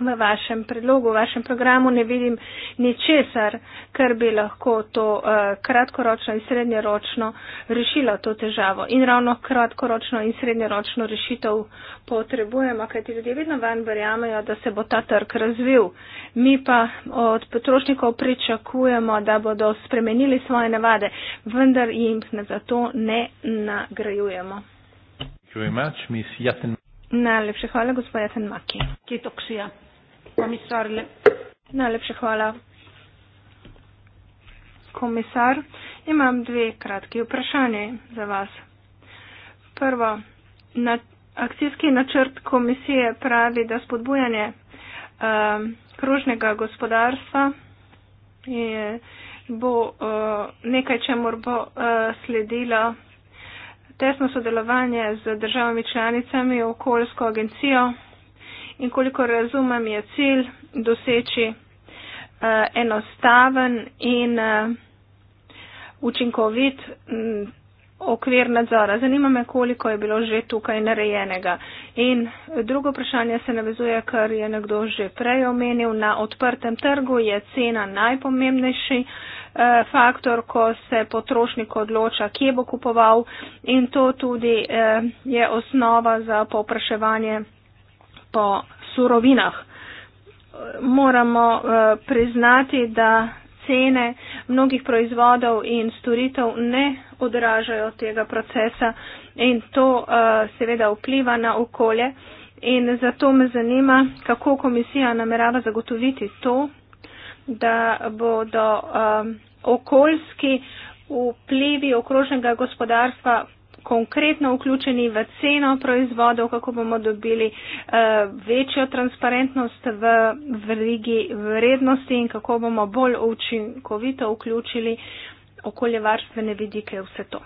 v vašem predlogu, v vašem programu ne vidim ničesar, kar bi lahko to uh, kratkoročno in srednjeročno rešilo to težavo. In ravno kratkoročno in srednjeročno rešitev potrebujemo, kajti ljudje vedno van verjamejo, da se bo ta trg razvil. Mi pa od potrošnikov pričakujemo, da bodo spremenili svoje navade, vendar jim za to ne nagrajujemo. Najlepša hvala, gospod Jaten Maki. Kitoksija. Komisar, le, najlepša hvala. Komisar, imam dve kratki vprašanje za vas. Prvo, na, akcijski načrt komisije pravi, da spodbujanje um, kružnega gospodarstva je, bo uh, nekaj, čemor bo uh, sledilo tesno sodelovanje z državami članicami, okoljsko agencijo in koliko razumem, je cilj doseči eh, enostaven in eh, učinkovit m, mm, okvir nadzora. Zanima me, koliko je bilo že tukaj narejenega. In drugo vprašanje se navezuje, kar je nekdo že prej omenil, na odprtem trgu je cena najpomembnejši eh, faktor, ko se potrošnik odloča, kje bo kupoval in to tudi eh, je osnova za popraševanje po surovinah. Moramo eh, priznati, da cene mnogih proizvodov in storitev ne odražajo tega procesa in to eh, seveda vpliva na okolje. In zato me zanima, kako komisija namerava zagotoviti to, da bodo eh, okoljski vplivi okrožnega gospodarstva konkretno vključeni v ceno proizvodov, kako bomo dobili uh, večjo transparentnost v verigi vrednosti in kako bomo bolj učinkovito vključili okoljevarstvene vidike v vse to.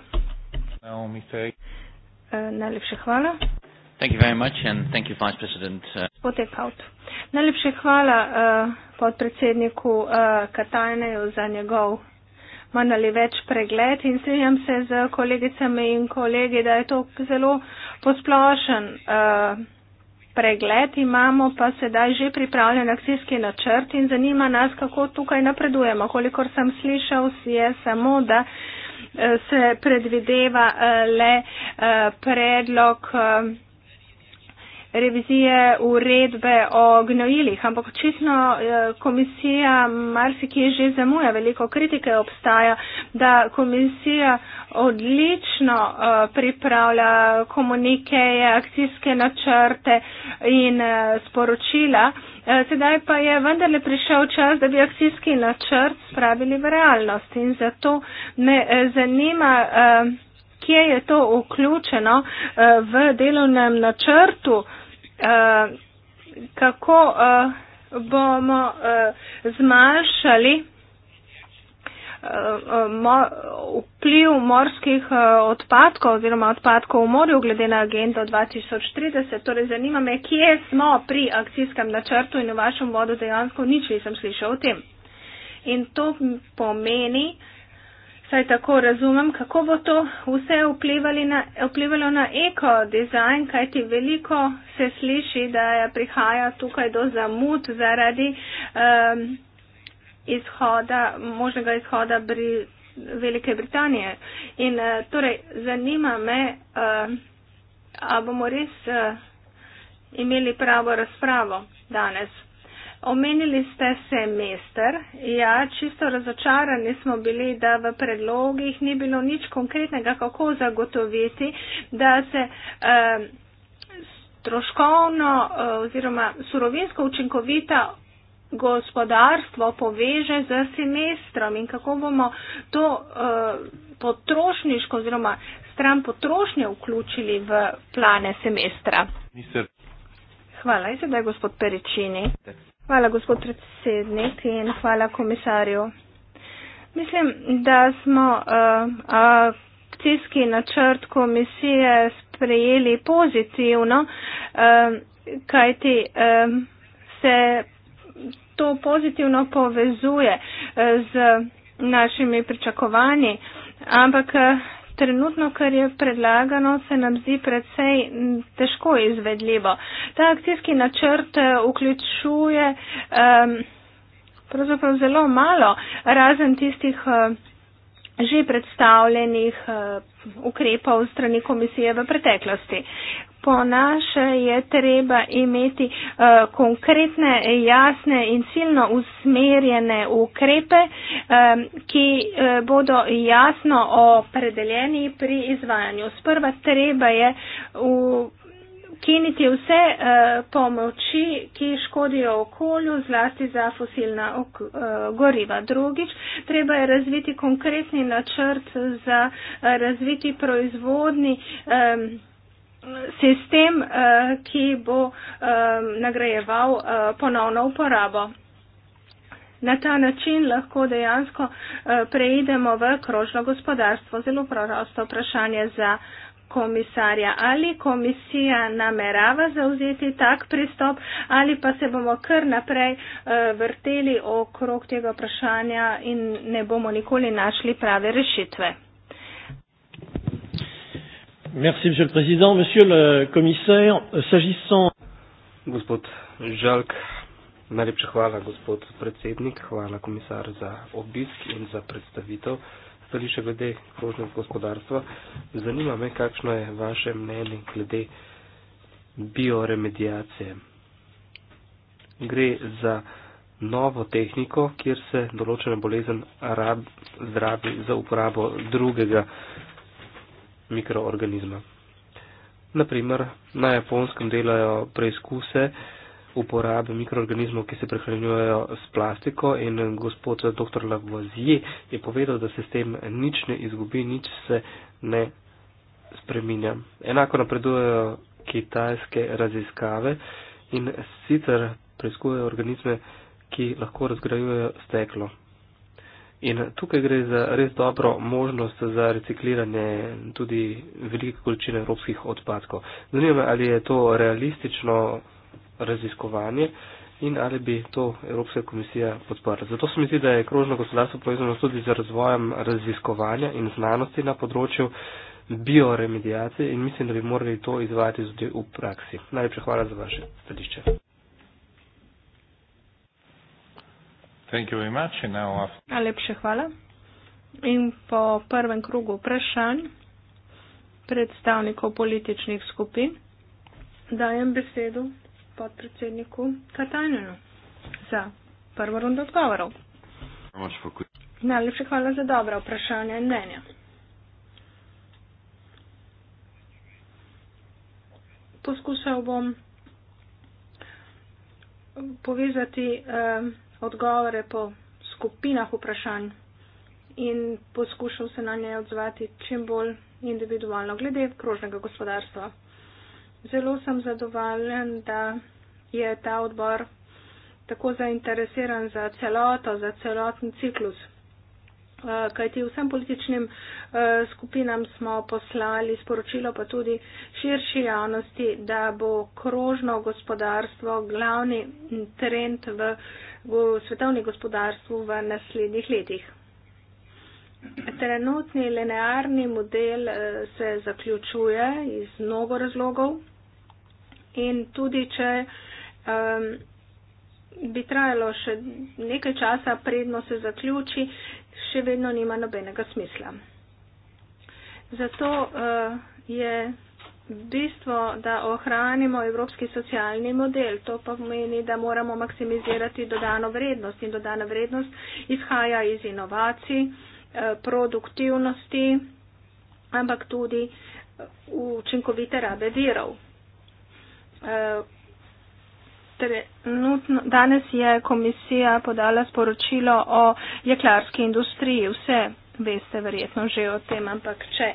Uh, najlepše hvala. Uh, Gospod Ekaut, najlepše hvala uh, podpredsedniku uh, Katajneju za njegov manj ali več pregled in strinjam se z kolegicami in kolegi, da je to zelo posplošen uh, pregled. Imamo pa sedaj že pripravljen akcijski načrt in zanima nas, kako tukaj napredujemo. Kolikor sem slišal, je samo, da eh, se predvideva uh, le uh, predlog. Uh, revizije uredbe o gnojilih, ampak očitno eh, komisija marsikje že zamuja, veliko kritike obstaja, da komisija odlično eh, pripravlja komunike, akcijske načrte in eh, sporočila. Sedaj pa je vendarle prišel čas, da bi akcijski načrt spravili v realnost in zato me zanima, kje je to vključeno v delovnem načrtu. Eh, kako eh, bomo eh, zmanjšali vpliv morskih odpadkov oziroma odpadkov v morju glede na agendo 2030. Torej zanima me, kje smo pri akcijskem načrtu in v vašem vodu dejansko nič nisem slišal o tem. In to pomeni, Saj tako razumem, kako bo to vse na, vplivalo na ekodizajn, kajti veliko se sliši, da prihaja tukaj do zamud zaradi um, izhoda, možnega izhoda Bri, Velike Britanije. In uh, torej zanima me, uh, ehm, ali bomo res uh, imeli pravo razpravo danes. Omenili ste semester. Ja, čisto razočarani smo bili, da v predlogih ni bilo nič konkretnega, kako zagotoviti, da se eh, troškovno eh, oziroma surovinsko učinkovita gospodarstvo poveže z semestrom in kako bomo to eh, potrošniško oziroma stran potrošnje vključili v plane semestra. Hvala, izvedaj gospod Peričini. Hvala, gospod predsednik in hvala komisarju. Mislim, da smo uh, akcijski načrt komisije sprejeli pozitivno, uh, kajti uh, se to pozitivno povezuje uh, z našimi pričakovanji, ampak uh, Trenutno, kar je predlagano, se nam zdi predvsej težko izvedljivo. Ta akcijski načrt eh, vključuje um, pravzaprav zelo malo razen tistih uh, že predstavljenih. Uh, ukrepov strani komisije v preteklosti. Po naše je treba imeti uh, konkretne, jasne in ciljno usmerjene ukrepe, um, ki uh, bodo jasno opredeljeni pri izvajanju. Sprva treba je v. Uh, ukiniti vse uh, pomoči, ki škodijo okolju, zlasti za fosilna ok, uh, goriva. Drugič, treba je razviti konkretni načrt za uh, razviti proizvodni. Um, sistem, ki bo nagrajeval ponovno uporabo. Na ta način lahko dejansko preidemo v krožno gospodarstvo. Zelo prosto vprašanje za komisarja. Ali komisija namerava zauzeti tak pristop ali pa se bomo kar naprej eh, vrteli okrog tega vprašanja in ne bomo nikoli našli prave rešitve. Merci, monsieur le président. Monsieur le commissaire, s'agissant. Gospod Žalk, najlepša hvala, gospod predsednik. Hvala, komisar, za obisk in za predstavitev. Uh, stališče glede krožnega gospodarstva. Zanima me, kakšno je vaše mnenje glede bioremedijacije. Gre za novo tehniko, kjer se določena bolezen rab, zdravi za uporabo drugega mikroorganizma. Naprimer, na japonskem delajo preizkuse, uporabe mikroorganizmov, ki se prehranjujejo s plastiko in gospod dr. Lavoisier je povedal, da se s tem nič ne izgubi, nič se ne spreminja. Enako napredujejo kitajske raziskave in sicer preizkujejo organizme, ki lahko razgrajujejo steklo. In tukaj gre za res dobro možnost za recikliranje tudi velike količine evropskih odpadkov. Zanima me, ali je to realistično raziskovanje in ali bi to Evropska komisija podprla. Zato se mi zdi, da je krožno gospodarstvo povezano tudi z razvojem raziskovanja in znanosti na področju bioremedijacije in mislim, da bi morali to izvajati tudi v praksi. Najlepša hvala za vaše stališče. Najlepša hvala. In po prvem krogu vprašanj predstavnikov političnih skupin dajem besedo podpredsedniku Katajnenu za prvo rundo odgovorov. Najlepša hvala za dobra vprašanja in mnenja. Poskušal bom povezati eh, odgovore po skupinah vprašanj in poskušal se na nje odzvati čim bolj individualno glede krožnega gospodarstva zelo sem zadovoljen, da je ta odbor tako zainteresiran za celoto, za celoten ciklus. Eh, kajti vsem političnim eh, skupinam smo poslali sporočilo, pa tudi širši javnosti, da bo krožno gospodarstvo glavni trend v, v svetovni gospodarstvu v naslednjih letih. Trenutni linearni model eh, se zaključuje iz mnogo razlogov. In tudi, če um, bi trajalo še nekaj časa, predno se zaključi, še vedno nima nobenega smisla. Zato uh, je bistvo, da ohranimo evropski socialni model. To pa pomeni, da moramo maksimizirati dodano vrednost. In dodana vrednost izhaja iz inovacij, uh, produktivnosti, ampak tudi uh, učinkovite rabe virov. Eh, trenutno, danes je komisija podala sporočilo o jeklarski industriji. Vse veste verjetno že o tem, ampak če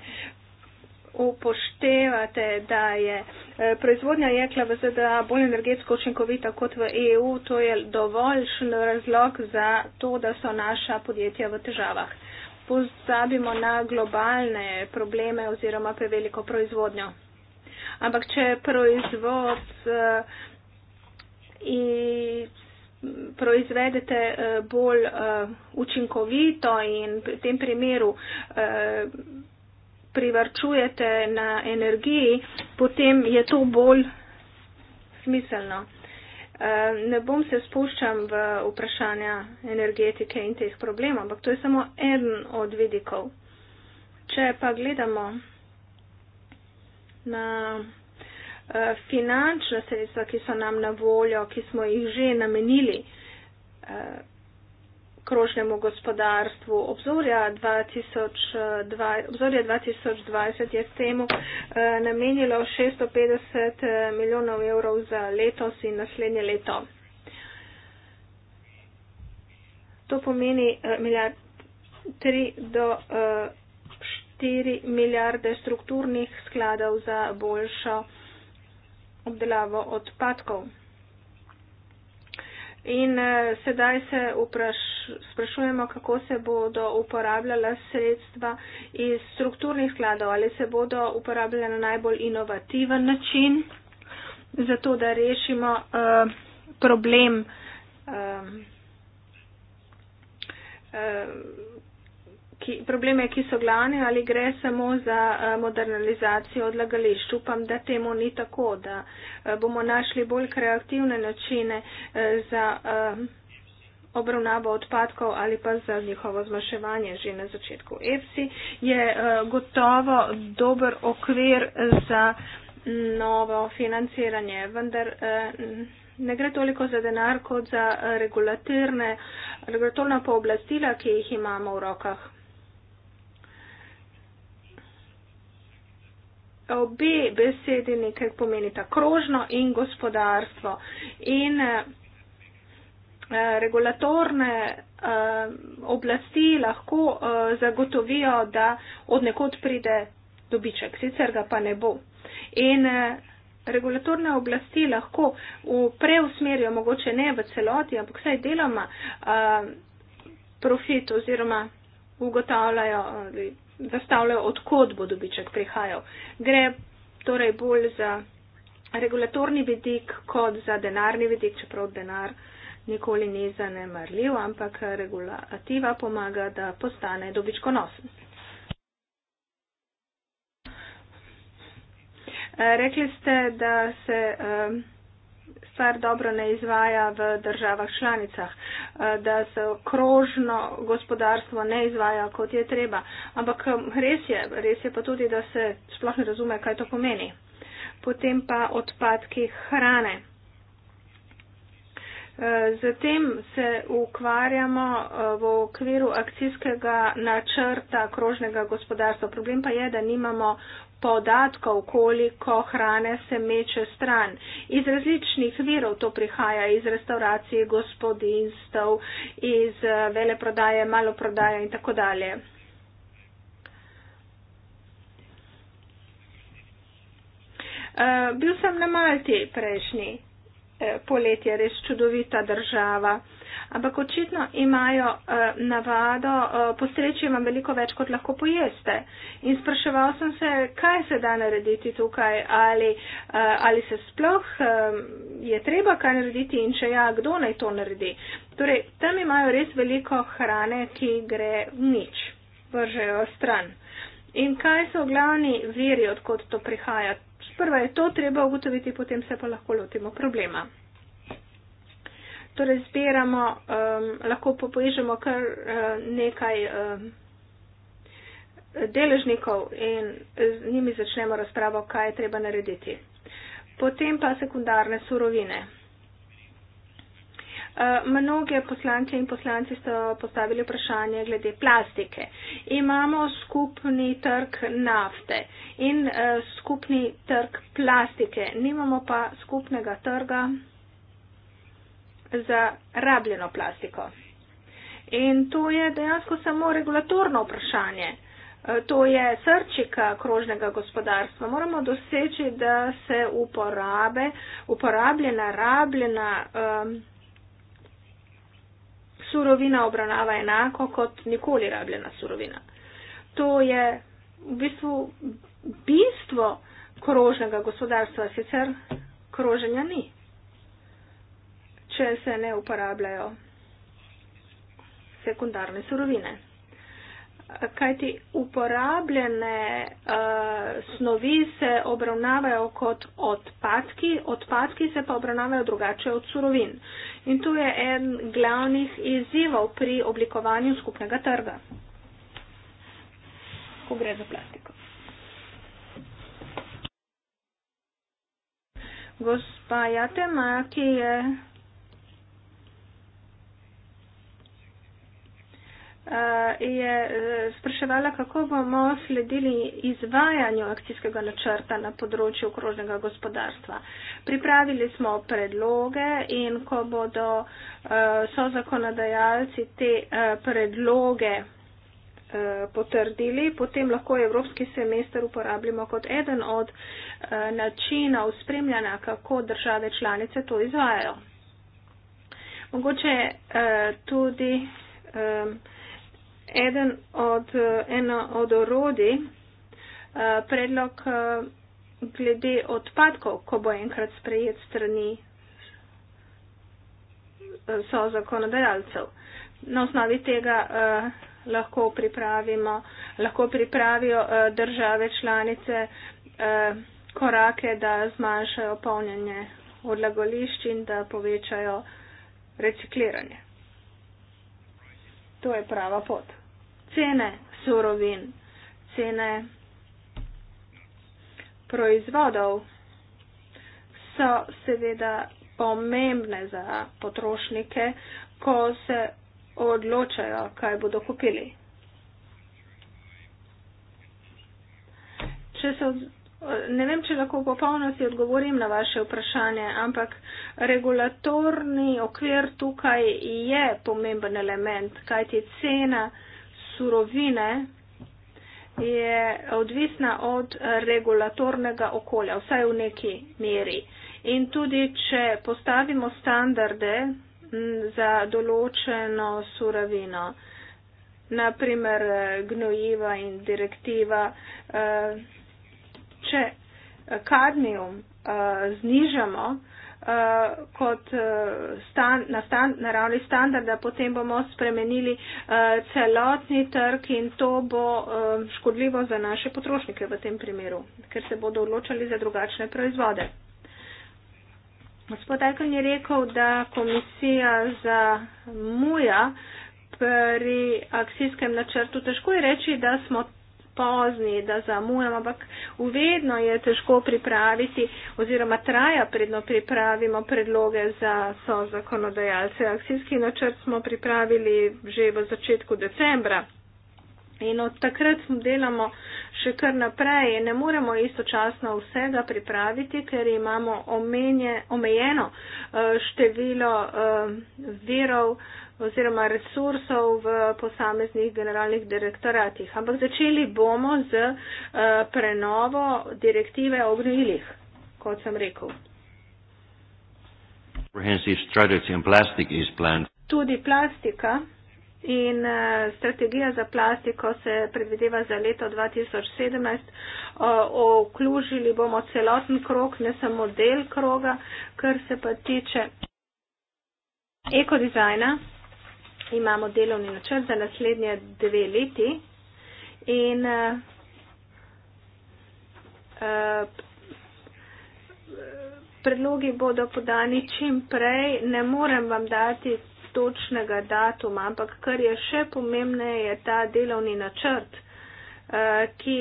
upoštevate, da je eh, proizvodnja jekla v ZDA bolj energetsko učinkovita kot v EU, to je dovoljšen razlog za to, da so naša podjetja v težavah. Pozabimo na globalne probleme oziroma preveliko proizvodnjo ampak če je proizvod uh, eh, in proizvedete uh, bolj uh, učinkovito in v tem primeru uh, privrčujete na energiji, potem je to bolj smiselno. Ne bom se spuščam v vprašanja energetike in teh problemov, ampak to je samo en od vidikov. Če pa gledamo na eh, finančna sredstva, ki so nam na voljo, ki smo jih že namenili eh, krožnemu gospodarstvu. Obzorja 2020, obzorja 2020 je temu eh, namenilo 650 milijonov evrov za letos in naslednje leto. To pomeni milijard 3 do 4 milijarde strukturnih skladov za boljšo obdelavo odpadkov. In eh, sedaj se vpraš, sprašujemo, kako se bodo uporabljala sredstva iz strukturnih skladov, ali se bodo uporabljala na najbolj inovativen način, zato da rešimo uh, problem. Uh, uh, ki, probleme, ki so glavne, ali gre samo za eh, modernizacijo odlagališč. Upam, da temu ni tako, da eh, bomo našli bolj kreativne načine eh, za obravnavo odpadkov ali pa za njihovo zmaševanje že na začetku. EFSI je gotovo dober okvir za mm, novo financiranje, vendar ne gre toliko za denar kot za regulatorna pooblastila, ki jih imamo v rokah. obe besedi nekaj pomenita krožno in gospodarstvo. In eh, eh, regulatorne eh, oblasti lahko zagotovijo, da od nekod pride dobiček, sicer ga pa ne bo. In regulatorne oblasti lahko preusmerijo, mogoče ne v celoti, ampak vsaj deloma profit oziroma ugotavljajo, zastavljajo, odkot bo dobiček prihajal. Gre torej bolj za regulatorni vidik kot za denarni vidik, čeprav denar nikoli ni zanemarljiv, ampak regulativa pomaga, da postane dobičkonosen. Rekli ste, da se. Um, stvar dobro ne izvaja v državah članicah, eh, da se krožno gospodarstvo ne izvaja, kot je treba. Ampak eh, res je, res je pa tudi, da se sploh ne razume, kaj to pomeni. Potem pa odpadki hrane. Zatem eh, se ukvarjamo v okviru akcijskega načrta krožnega gospodarstva. Problem pa je, da nimamo podatkov, koliko hrane se meče stran. Iz različnih virov to prihaja, iz restauracije, gospodinstv, iz eh, veleprodaje, maloprodaje in tako dalje. Eh, bil sem na Malti prejšnji eh, poletje, res čudovita država. Ampak očitno imajo uh, navado, uh, eh, postreči vam veliko več, kot lahko pojeste. In spraševal sem se, kaj se da narediti tukaj, ali, uh, ali se sploh um, je treba kaj narediti in če ja, kdo naj to naredi. Torej, tam imajo res veliko hrane, ki gre nič, vržejo stran. In kaj so glavni viri, odkot to prihaja? Prva je to treba ugotoviti, potem se pa lahko lotimo problema torej zbiramo, um, lahko popoježemo kar uh, nekaj um, deležnikov in z njimi začnemo razpravo, kaj je treba narediti. Potem pa sekundarne surovine. Uh, mnoge poslanke in poslanci so postavili vprašanje glede plastike. Imamo skupni trg nafte in uh, skupni trg plastike, nimamo pa skupnega trga za rabljeno plastiko. In to je dejansko samo regulatorno vprašanje. E, to je srčika krožnega gospodarstva. Moramo doseči, da se uporabe, uporabljena, rabljena um, surovina obravnava enako kot nikoli rabljena surovina. To je v bistvu bistvo krožnega gospodarstva, sicer kroženja ni če se ne uporabljajo sekundarne surovine. Kajti uporabljene uh, snovi se obravnavajo kot odpadki, odpadki se pa obravnavajo drugače od surovin. In to je en glavnih izzivov pri oblikovanju skupnega trga, ko gre za plastiko. Gospa Jatema, ki je Eh, je eh, spraševala, kako bomo sledili izvajanju akcijskega načrta na področju okrožnega gospodarstva. Pripravili smo predloge in ko bodo eh, so zakonodajalci te predloge potrdili, potem lahko evropski semester uporabljamo kot eden od načinov spremljanja, kako države članice to izvajajo. Mogoče tudi eden od, eh, eno od orodi, eh, predlog eh, glede odpadkov, ko bo enkrat sprejet strani so zakonodajalcev. Na osnovi tega eh, lahko pripravimo, lahko pripravijo eh, države članice eh, korake, da zmanjšajo polnjenje odlagolišč in da povečajo recikliranje. To je prava pot cene surovin, cene proizvodov so seveda pomembne za potrošnike, ko se odločajo, kaj bodo kupili. Če so, ne vem, če lahko v popolnosti odgovorim na vaše vprašanje, ampak regulatorni okvir tukaj je pomemben element, kajti cena surovine je odvisna od regulatornega okolja, vsaj v neki meri. In tudi, če postavimo standarde za določeno surovino, naprimer gnojiva in direktiva, eh, če kadmium eh, znižamo, Eh, kot eh, stan, na stan, naravni standard, da potem bomo spremenili uh, celotni trg in to bo uh, škodljivo za naše potrošnike v tem primeru, ker se bodo odločali za drugačne proizvode. Gospod Ajkon je rekel, da komisija za muja pri akcijskem načrtu, težko je reči, da smo pozni, da zamujamo, ampak vedno je težko pripraviti oziroma traja predno pripravimo predloge za so zakonodajalce. Akcijski načrt smo pripravili že v začetku decembra. In od takrat smo delamo še kar naprej in ne moremo istočasno vsega pripraviti, ker imamo omenje, omejeno eh, število eh, verov, oziroma resursov v posameznih generalnih direktoratih. Ampak začeli bomo z eh, prenovo direktive o gnojilih, kot sem rekel. Tudi plastika in uh, strategija za plastiko se predvideva za leto 2017. Uh, oklužili bomo celoten krok, ne samo del kroga, kar se pa tiče ekodizajna imamo delovni načrt za naslednje dve leti in eh, eh, predlogi bodo podani čim prej. Ne morem vam dati točnega datuma, ampak kar je še pomembneje, je ta delovni načrt, eh, ki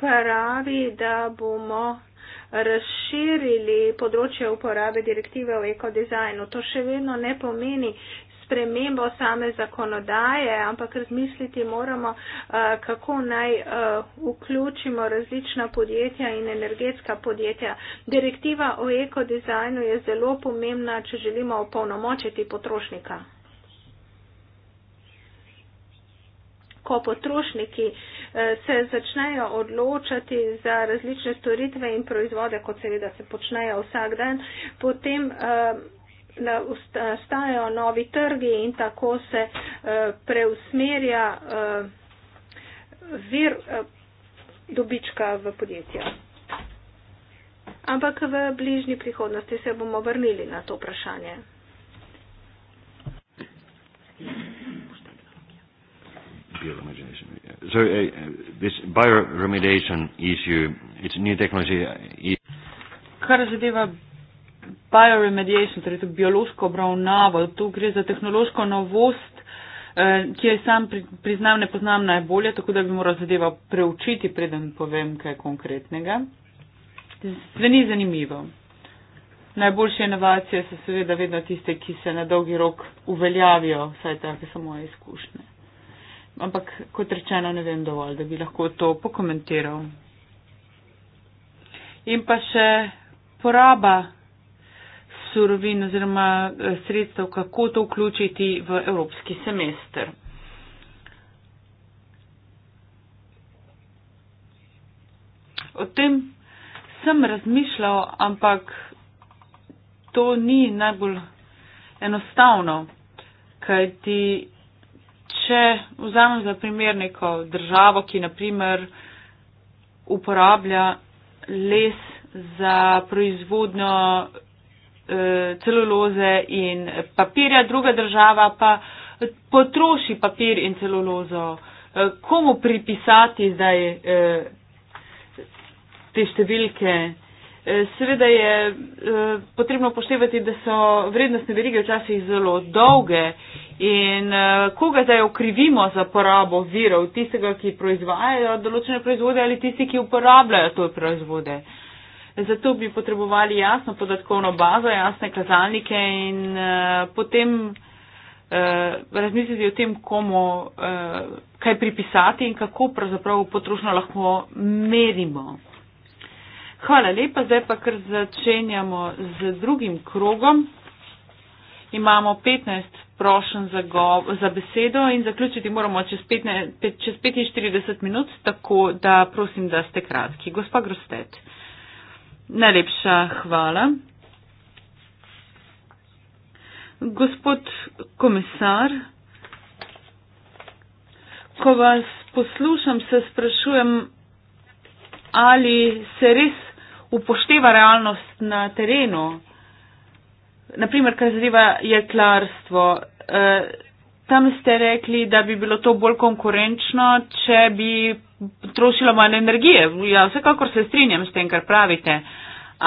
pravi, da bomo razširili področje uporabe direktive o ekodizajnu. To še vedno ne pomeni, spremembo same zakonodaje, ampak razmisliti moramo, eh, kako naj eh, vključimo različna podjetja in energetska podjetja. Direktiva o ekodizajnu je zelo pomembna, če želimo opolnomočiti potrošnika. Ko potrošniki eh, se začnejo odločati za različne storitve in proizvode, kot seveda se počnejo vsak dan, potem nastajajo novi trgi in tako se eh, preusmerja eh, vir eh, dobička v podjetja. Ampak v bližnji prihodnosti se bomo vrnili na to vprašanje. So uh, this bioremediation issue, it's new technology. Kar zadeva bioremediation, torej to biološko obravnavo, tu gre za tehnološko novost, eh, ki je sam pri, priznam, ne poznam najbolje, tako da bi moral zadeva preučiti, preden povem kaj konkretnega. Zveni zanimivo. Najboljše inovacije so seveda vedno tiste, ki se na dolgi rok uveljavijo, saj take so moje izkušnje. Ampak, kot rečeno, ne vem dovolj, da bi lahko to pokomentiral. In pa še poraba surovin oziroma eh, sredstev, kako to vključiti v evropski semester. O tem sem razmišljal, ampak to ni najbolj enostavno, kajti če vzamem za primer neko državo, ki naprimer uporablja les za proizvodnjo Eh, celuloze in papirja, druga država pa potroši papir in celulozo. Eh, komu pripisati zdaj eh, te številke? Seveda je potrebno poštevati, da so vrednostne verige včasih zelo dolge in koga zdaj okrivimo za porabo virov, tistega, ki proizvajajo določene proizvode ali tisti, ki uporabljajo to proizvode. Zato bi potrebovali jasno podatkovno bazo, jasne kazalnike in uh, potem uh, razmisliti o tem, komu uh, kaj pripisati in kako pravzaprav potrošno lahko merimo. Hvala lepa, zdaj pa kar začenjamo z drugim krogom. Imamo 15 prošen za, za besedo in zaključiti moramo čez, 15, čez 45 minut, tako da prosim, da ste kratki. Gospa Grostet. Uh, Najlepša hvala. Gospod komisar, ko vas poslušam, se sprašujem, ali se res upošteva realnost na terenu. Naprimer, kar zadeva jeklarstvo. Eh, Tam ste rekli, da bi bilo to bolj konkurenčno, če bi trošilo manj energije. Ja, vsekakor se strinjam s tem, kar pravite.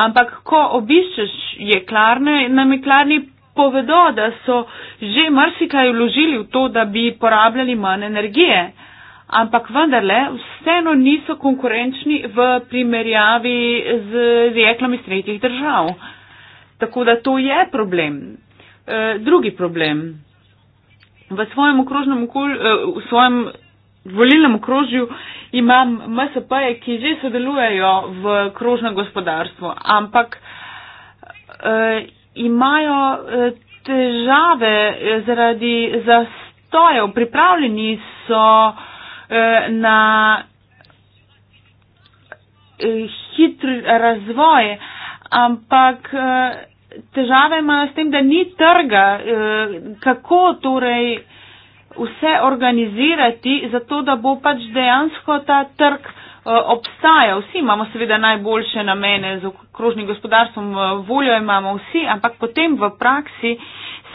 Ampak, ko obiščeš jeklarne, nam jeklarni povedo, da so že marsikaj vložili v to, da bi porabljali manj energije. Ampak vendarle, vseeno niso konkurenčni v primerjavi z jeklami iz tretjih držav. Tako da to je problem. E, drugi problem v svojem okrožnem okolju, eh, v svojem volilnem okrožju imam MSP-je, ki že sodelujejo v krožnem gospodarstvu, ampak eh, imajo eh, težave eh, zaradi zastojev. Pripravljeni so eh, na eh, hitri razvoj, ampak. Eh, težave imajo s tem, da ni trga, eh, kako torej vse organizirati, zato da bo pač dejansko ta trg eh, obstajal. Vsi imamo seveda najboljše namene z okrožnim gospodarstvom, eh, voljo imamo vsi, ampak potem v praksi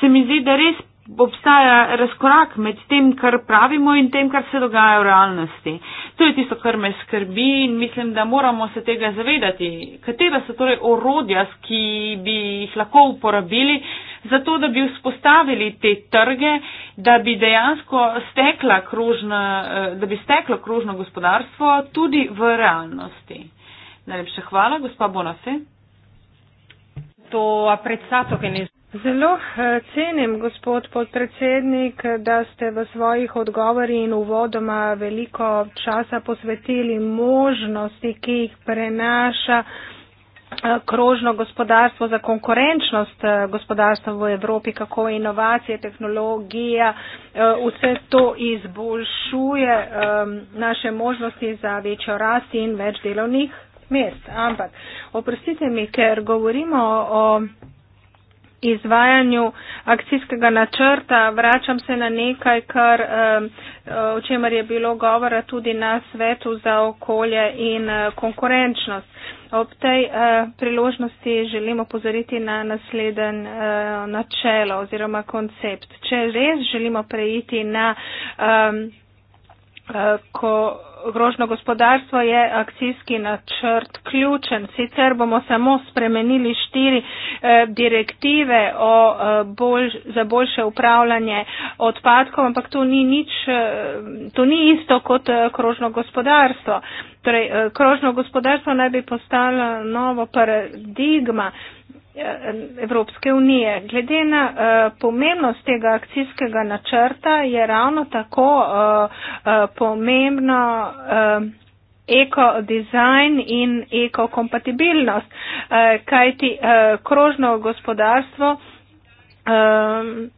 se mi zdi, da res obstaja razkorak med tem, kar pravimo in tem, kar se dogaja v realnosti. To je tisto, kar me skrbi in mislim, da moramo se tega zavedati. Katera so torej orodja, ki bi jih lahko uporabili, zato da bi vzpostavili te trge, da bi dejansko stekla kružna, eh, da bi steklo kružno gospodarstvo tudi v realnosti. Najlepša hvala, gospa Bonafe. To apprezzato che ne Zelo eh, cenim, gospod podpredsednik, da ste v svojih odgovori in uvodoma veliko časa posvetili možnosti, ki jih prenaša eh, krožno gospodarstvo za konkurenčnost eh, gospodarstva v Evropi, kako inovacije, tehnologija, vse to izboljšuje naše možnosti za večjo rast in več delovnih mest. Ampak, oprostite mi, ker govorimo o izvajanju akcijskega načrta. Vračam se na nekaj, kar, o čemer je bilo govora tudi na svetu za okolje in eh, konkurenčnost. Ob tej eh, priložnosti želim opozoriti na nasleden eh, načelo oziroma koncept. Če res želimo preiti na ko, grožno gospodarstvo je akcijski načrt ključen. Sicer bomo samo spremenili štiri eh, direktive eh, bolj, za boljše upravljanje odpadkov, ampak to ni, nič, eh, to ni isto kot grožno gospodarstvo. Torej, krožno gospodarstvo naj bi postalo novo paradigma Eh, Evropske unije. Glede na uh, pomembnost tega akcijskega načrta je ravno tako uh, uh, pomembno uh, ekodizajn in ekokompatibilnost, uh, kajti uh, krožno gospodarstvo uh,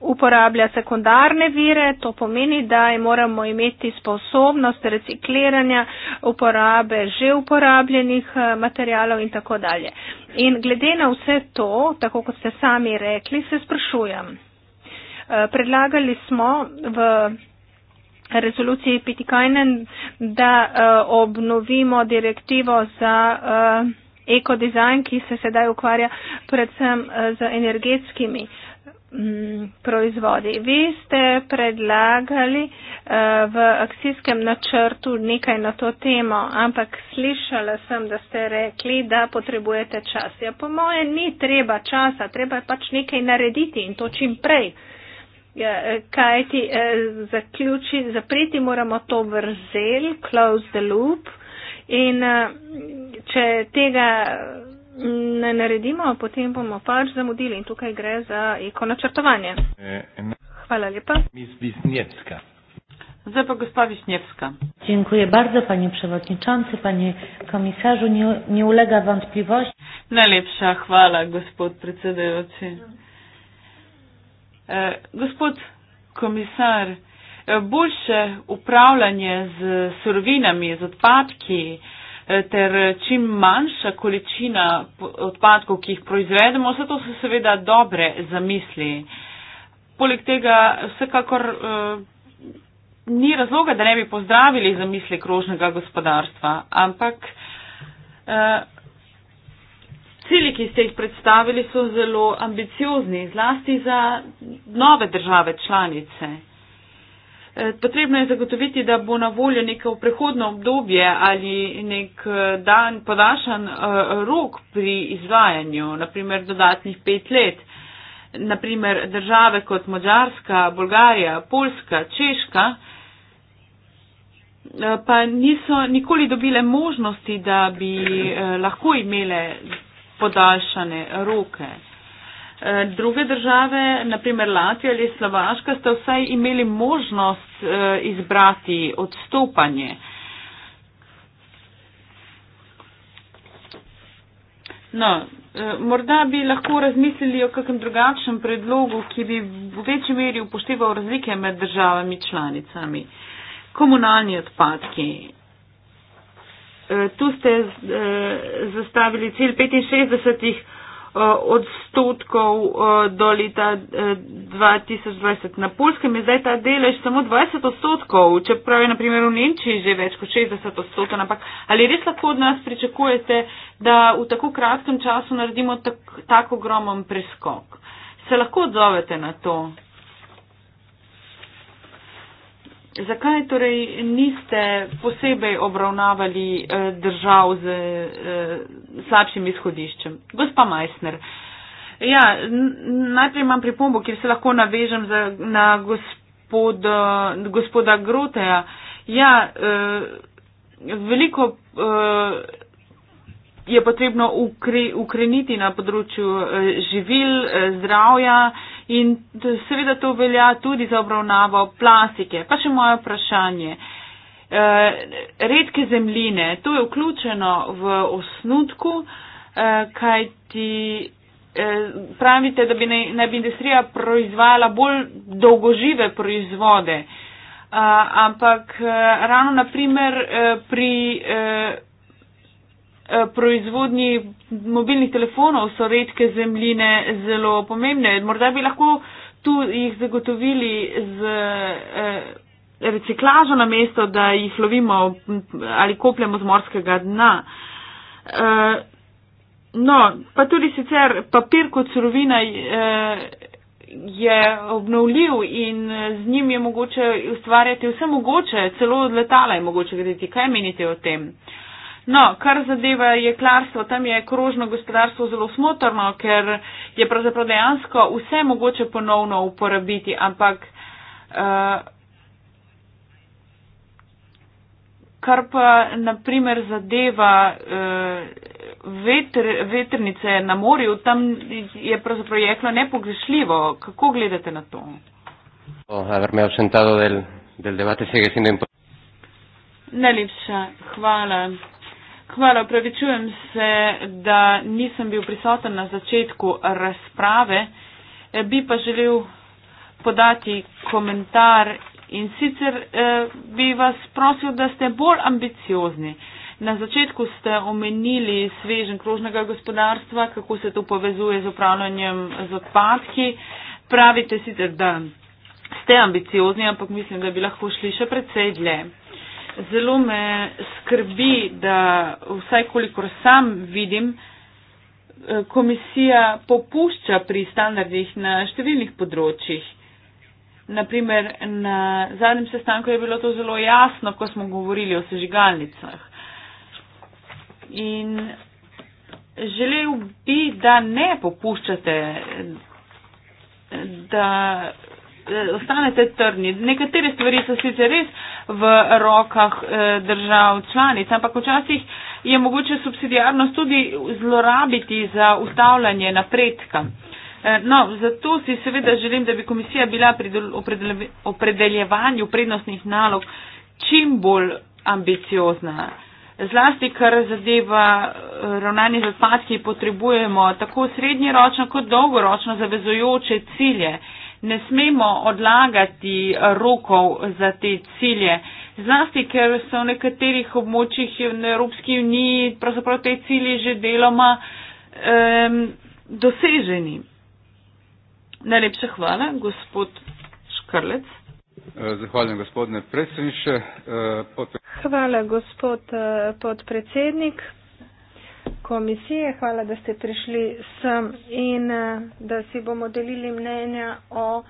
uporablja sekundarne vire, to pomeni, da moramo imeti sposobnost recikliranja uporabe že uporabljenih eh, materijalov in tako dalje. In glede na vse to, tako kot ste sami rekli, se sprašujem. Eh, predlagali smo v rezoluciji Pitikajnen, da eh, obnovimo direktivo za ekodizajn, ki se sedaj ukvarja predvsem z energetskimi. Mm, proizvodi. Vi ste predlagali eh, v akcijskem načrtu nekaj na to temo, ampak slišala sem, da ste rekli, da potrebujete čas. Ja, po moje ni treba časa, treba je pač nekaj narediti in to čim prej. Ja, eh, Kaj ti eh, zaključi, zapreti moramo to vrzel, close the loop. In če tega ne naredimo, potem bomo pač zamudili in tukaj gre za eko načrtovanje. Hvala lepa. Zdaj pa gospa Višnjevska. Dziękuję bardzo, panie przewodniczący, panie komisarzu. Nie, nie ulega wątpliwości. Najlepsza chwala, gospod predsedujący. E, gospod komisar, e, boljše upravljanje z surovinami, z odpadki, ter čim manjša količina odpadkov, ki jih proizvedemo, vse to so seveda dobre zamisli. Poleg tega vsekakor eh, ni razloga, da ne bi pozdravili zamisli krožnega gospodarstva, ampak eh, cilji, ki ste jih predstavili, so zelo ambiciozni, zlasti za nove države članice. Potrebno je zagotoviti, da bo na voljo neko prehodno obdobje ali nek eh, dan podaljšan eh, rok pri izvajanju, naprimer dodatnih pet let. Naprimer države kot Mačarska, Bolgarija, Poljska, Češka eh, pa niso nikoli dobile možnosti, da bi lahko imele podaljšane roke. Eh, druge države, naprimer Latvija ali Slovaška, ste vsaj imeli možnost eh, izbrati odstopanje. No, eh, morda bi lahko razmislili o kakem drugačnem predlogu, ki bi v večji meri upošteval razlike med državami članicami. Komunalni odpadki. Tu ste zastavili cilj 65. Eh, odstotkov eh, do leta 2020. Eh, na polskem je zdaj ta delež samo 20 odstotkov, čeprav je na primer v Nemčiji že več kot 60 odstotkov. Ampak ali res lahko od nas pričakujete, da v tako kratkem času naredimo tak, tak ogromen preskok? Se lahko odzovete na to? Zakaj torej niste posebej obravnavali eh, držav z eh, slabšim izhodiščem? Gospa Majsner. Ja, najprej imam pripombo, kjer se lahko navežem za, na gospod, gospoda Groteja. Ja, eh, veliko eh, je potrebno ukre, ukreniti na področju eh, živil, eh, zdravja. Eh, In seveda to velja tudi za obravnavo plastike. Pa še moje vprašanje. E, redke zemljine, to je vključeno v osnutku, e, kaj ti e, pravite, da bi naj, naj bi industrija proizvajala bolj dolgožive proizvode. E, ampak e, ravno naprimer e, pri. E, Eh, proizvodnji mobilnih telefonov so redke zemljine zelo pomembne. Morda bi lahko tu jih zagotovili z eh, reciklažo na mesto, da jih lovimo ali kopljemo z morskega dna. Eh, no, pa tudi sicer papir kot surovina je obnovljiv in z njim je mogoče ustvarjati vse mogoče, celo letala je mogoče graditi. Kaj menite o tem? Uh, No, kar zadeva jeklarstvo, tam je krožno gospodarstvo zelo smotrno, ker je pravzaprav dejansko vse mogoče ponovno uporabiti, ampak uh, kar pa naprimer zadeva uh, eh, vetr, vetrnice na morju, tam je pravzaprav jeklo nepogrešljivo. Kako gledate na to? Oh, del, del Najlepša hvala. Hvala, pravičujem se, da nisem bil prisoten na začetku razprave. E, bi pa želel podati komentar in sicer e, bi vas prosil, da ste bolj ambiciozni. Na začetku ste omenili svežen krožnega gospodarstva, kako se to povezuje z upravljanjem z odpadki. Pravite sicer, da ste ambiciozni, ampak mislim, da bi lahko šli še predsej dlje zelo me skrbi, da vsaj kolikor sam vidim, eh, komisija popušča pri standardih na številnih področjih. Naprimer, na zadnjem sestanku je bilo to zelo jasno, ko smo govorili o sežigalnicah. In želel bi, da ne popuščate, da Eh, ostanete trdni. Nekatere stvari so sicer res v rokah eh, držav članic, ampak včasih je mogoče subsidijarnost tudi zlorabiti za ustavljanje napredka. Eh, no, zato si seveda želim, da bi komisija bila pri opredeljevanju prednostnih nalog čim bolj ambiciozna. Zlasti, kar zadeva ravnanje z odpadki, potrebujemo tako srednjeročno kot dolgoročno zavezojoče cilje ne smemo odlagati rokov za te cilje. Zlasti, ker so v nekaterih območjih na Evropski uniji pravzaprav te cilje že deloma um, doseženi. Najlepša hvala, gospod Škrlec. E, zahvaljujem, gospodine predsedniče. E, hvala, gospod eh, podpredsednik komisije, hvala, da ste prišli sem in eh, da si bomo delili mnenja o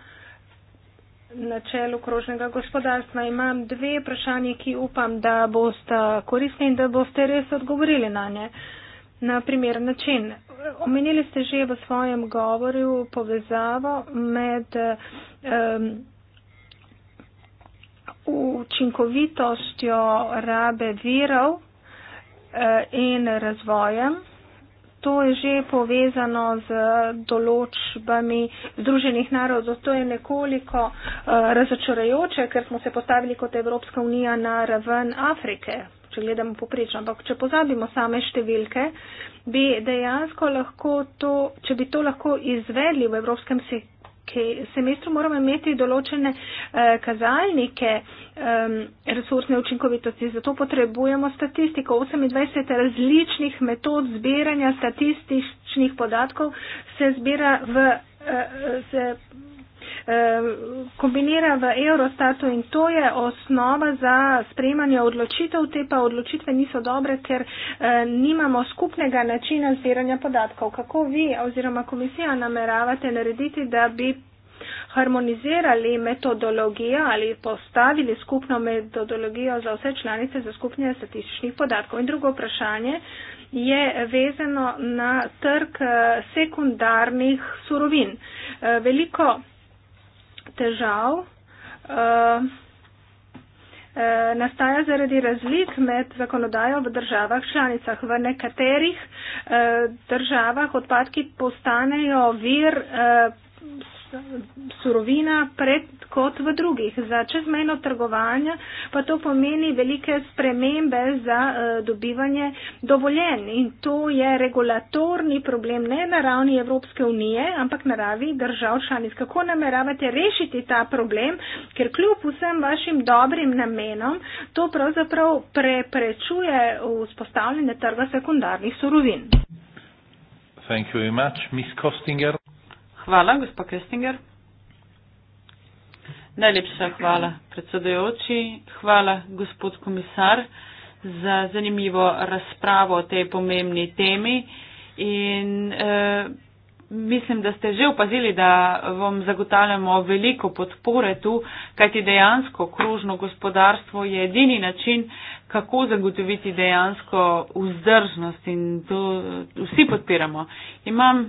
načelu krožnega gospodarstva. Imam dve vprašanje, ki upam, da boste koristni in da boste res odgovorili na nje. Na primer način. Omenili ste že v svojem govoru povezavo med um, učinkovitostjo rabe virov Eh, in razvojem. To je že povezano z določbami Združenih narodov. To je nekoliko eh, razočarajoče, ker smo se postavili kot Evropska unija na raven Afrike, če gledamo poprečno. Ampak če pozabimo same številke, bi dejansko lahko to, če bi to lahko izvedli v evropskem sektorju, vsaki semestru moramo imeti določene eh, kazalnike eh, resursne učinkovitosti. Zato potrebujemo statistiko. 28 različnih metod zbiranja statističnih podatkov se zbira v. Eh, eh se, Eh, kombinira v Eurostatu in to je osnova za sprejemanje odločitev, te pa odločitve niso dobre, ker eh, nimamo skupnega načina zbiranja podatkov. Kako vi oziroma komisija nameravate narediti, da bi harmonizirali metodologijo ali postavili skupno metodologijo za vse članice za skupnje statističnih podatkov. In drugo vprašanje je vezano na trg eh, sekundarnih surovin. Veliko težav uh, nastaja zaradi razlik med zakonodajo v državah članicah. V nekaterih uh, državah odpadki postanejo vir uh, surovina pred, kot v drugih. Za čezmejno trgovanje pa to pomeni velike spremembe za uh, dobivanje dovoljen in to je regulatorni problem ne na ravni Evropske unije, ampak na ravi držav članic. Kako nameravate rešiti ta problem, ker kljub vsem vašim dobrim namenom to pravzaprav preprečuje vzpostavljanje trga sekundarnih surovin? Thank you very much, Ms. Kostinger. Hvala, gospod Kestinger. Najlepša hvala, predsedajoči. Hvala, gospod komisar, za zanimivo razpravo o tej pomembni temi. In, eh, Mislim, da ste že upazili, da vam zagotavljamo veliko podpore tu, kajti dejansko kružno gospodarstvo je edini način, kako zagotoviti dejansko vzdržnost in to eh, vsi podpiramo. Imam e,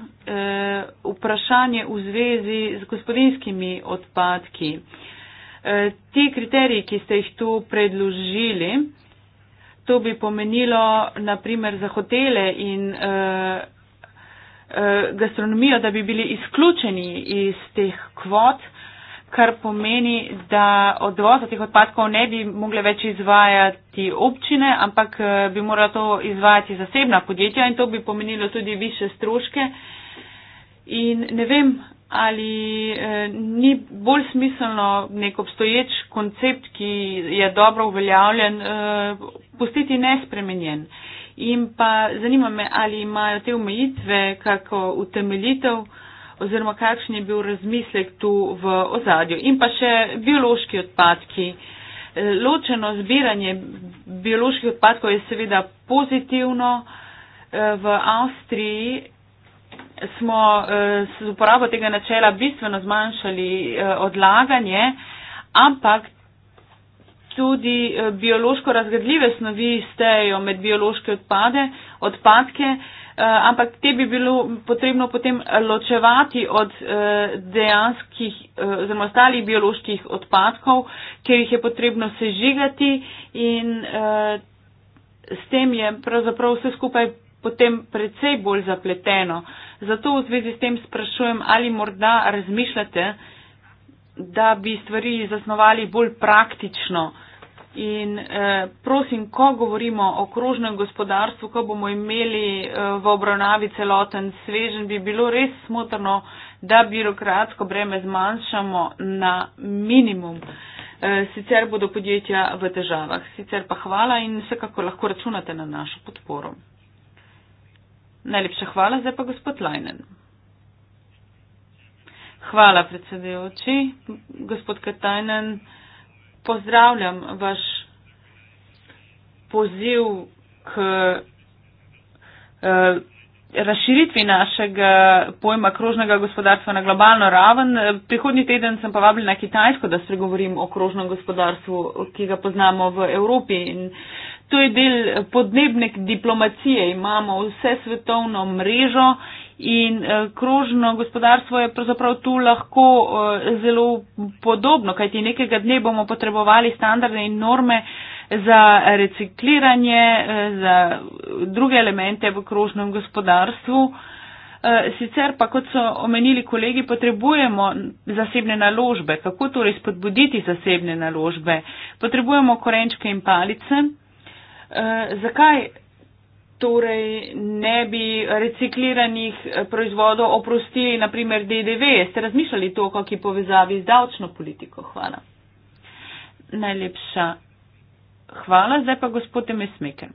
vprašanje v zvezi z gospodinskimi odpadki. Eh, e, ti kriteriji, ki ste jih tu predložili, to bi pomenilo naprimer za hotele in e, e, gastronomijo, da bi bili izključeni iz teh kvot kar pomeni, da odvoza teh odpadkov ne bi mogle več izvajati občine, ampak eh, bi morala to izvajati zasebna podjetja in to bi pomenilo tudi više stroške. In ne vem, ali eh, ni bolj smiselno nek obstoječ koncept, ki je dobro uveljavljen, eh, pustiti nespremenjen. In pa zanima me, ali imajo te omejitve kako utemeljitev oziroma kakšen je bil razmislek tu v ozadju. In pa še biološki odpadki. Eh, ločeno zbiranje bioloških odpadkov je seveda pozitivno. Eh, v Avstriji smo eh, z uporabo tega načela bistveno zmanjšali odlaganje, ampak tudi biološko razgradljive snovi stejo med biološke odpade, odpadke. Eh, ampak te bi bilo potrebno potem ločevati od eh, dejanskih, eh, oziroma ostalih bioloških odpadkov, ker jih je potrebno sežigati in s tem je pravzaprav vse skupaj potem precej bolj zapleteno. Zato v zvezi s tem sprašujem, ali morda razmišljate, da bi stvari zasnovali bolj praktično. In eh, prosim, ko govorimo o krožnem gospodarstvu, ko bomo imeli eh, v obravnavi celoten svežen, bi bilo res smotrno, da birokratsko breme zmanjšamo na minimum. Eh, sicer bodo podjetja v težavah. Sicer pa hvala in vsekako lahko računate na našo podporo. Najlepša hvala, zdaj pa gospod Lajnen. Hvala, predsedujoči. Gospod Katajnen pozdravljam vaš poziv k eh, razširitvi našega pojma krožnega gospodarstva na globalno raven. Prihodnji teden sem povabila na Kitajsko, da spregovorim o krožnem gospodarstvu, ki ga poznamo v Evropi. In to je del podnebne diplomacije. Imamo vse svetovno mrežo In uh, krožno gospodarstvo je pravzaprav tu lahko uh, zelo podobno, kajti nekega dne bomo potrebovali standarde in norme za recikliranje, uh, za druge elemente v krožnem gospodarstvu. Sicer pa, kot so omenili kolegi, potrebujemo zasebne naložbe. Kako torej spodbuditi zasebne naložbe? Potrebujemo korenčke in palice. Zakaj torej ne bi recikliranih eh, proizvodov oprostili, naprimer DDV. Ste razmišljali to, kako je povezavi z davčno politiko? Hvala. Najlepša hvala. Zdaj pa gospod Emesmeker.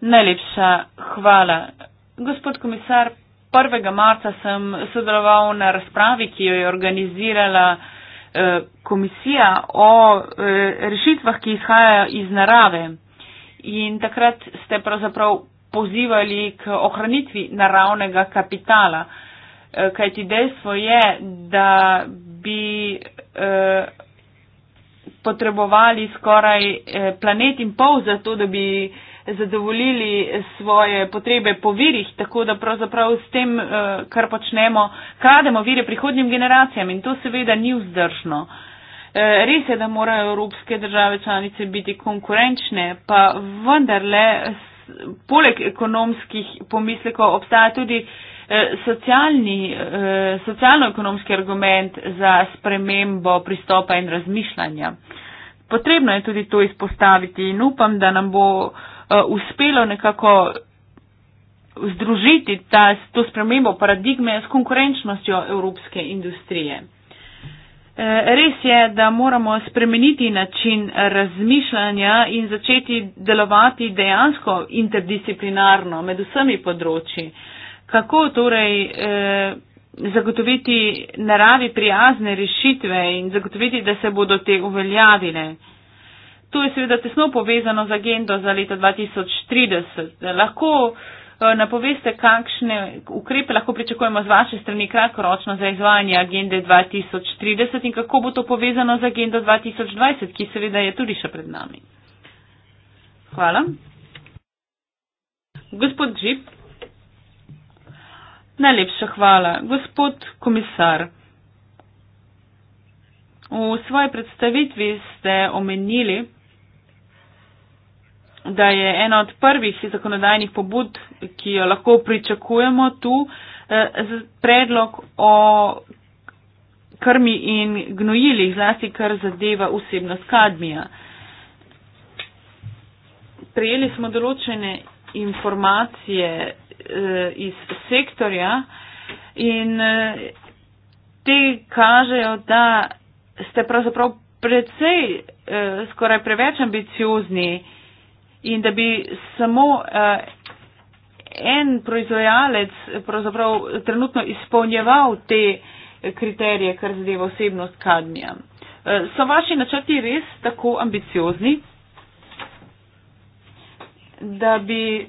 Najlepša hvala. Gospod komisar, 1. marca sem sodeloval na razpravi, ki jo je organizirala uh, Eh, komisija o eh, rešitvah, ki izhajajo iz narave. In takrat ste pravzaprav pozivali k ohranitvi naravnega kapitala. Eh, Kaj ti dejstvo je, da bi eh, potrebovali skoraj eh, planet in pol za to, da bi eh, zadovoljili svoje potrebe po virih, tako da pravzaprav s tem, eh, kar počnemo, krademo vire prihodnjim generacijam in to seveda ni vzdržno. Eh, res je, da morajo evropske države članice biti konkurenčne, pa vendarle poleg ekonomskih pomislekov obstaja tudi eh, socialno-ekonomski argument za spremembo pristopa in razmišljanja. Potrebno je tudi to izpostaviti in upam, da nam bo uh, Eh, uspelo nekako združiti ta, to spremembo paradigme s konkurenčnostjo evropske industrije. Eh, res je, da moramo spremeniti način razmišljanja in začeti delovati dejansko interdisciplinarno med vsemi področji. Kako torej eh, zagotoviti naravi prijazne rešitve in zagotoviti, da se bodo te uveljavile? To je seveda tesno povezano z agendo za leto 2030. Lahko eh, napoveste, kakšne ukrepe lahko pričakujemo z vaše strani kratkoročno za izvajanje agende 2030 in kako bo to povezano z agendo 2020, ki seveda je tudi še pred nami. Hvala. Gospod Džip. Najlepša hvala. Gospod komisar, v svoji predstavitvi ste omenili, da je ena od prvih zakonodajnih pobud, ki jo lahko pričakujemo tu, eh, predlog o krmi in gnojilih, zlasti kar zadeva vsebnost kadmija. Prejeli smo določene informacije eh, iz sektorja in eh, te kažejo, da ste pravzaprav precej, skoraj preveč ambiciozni eh, in da bi samo uh, en proizvajalec pravzaprav trenutno izpolnjeval te kriterije, kar zadeva osebnost kadnja. Uh, eh, so vaši načrti res tako ambiciozni, da bi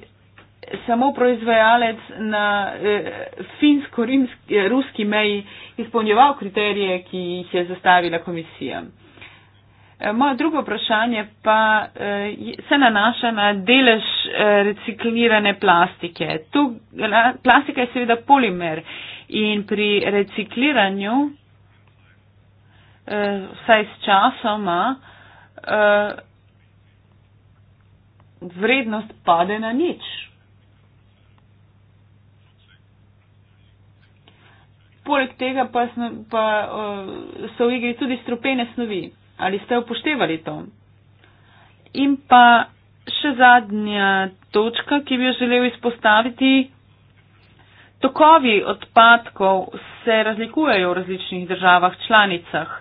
samo proizvajalec na uh, eh, finsko-ruski meji izpolnjeval kriterije, ki jih je zastavila komisija? Eh, moje drugo vprašanje pa eh, se nanaša na delež eh, reciklirane plastike. Tu, plastika je seveda polimer in pri recikliranju, vsaj s časoma, vrednost pade na nič. Poleg tega pa so v igri tudi strupene snovi. Ali ste upoštevali to? In pa še zadnja točka, ki bi jo želel izpostaviti. Tokovi odpadkov se razlikujejo v različnih državah članicah.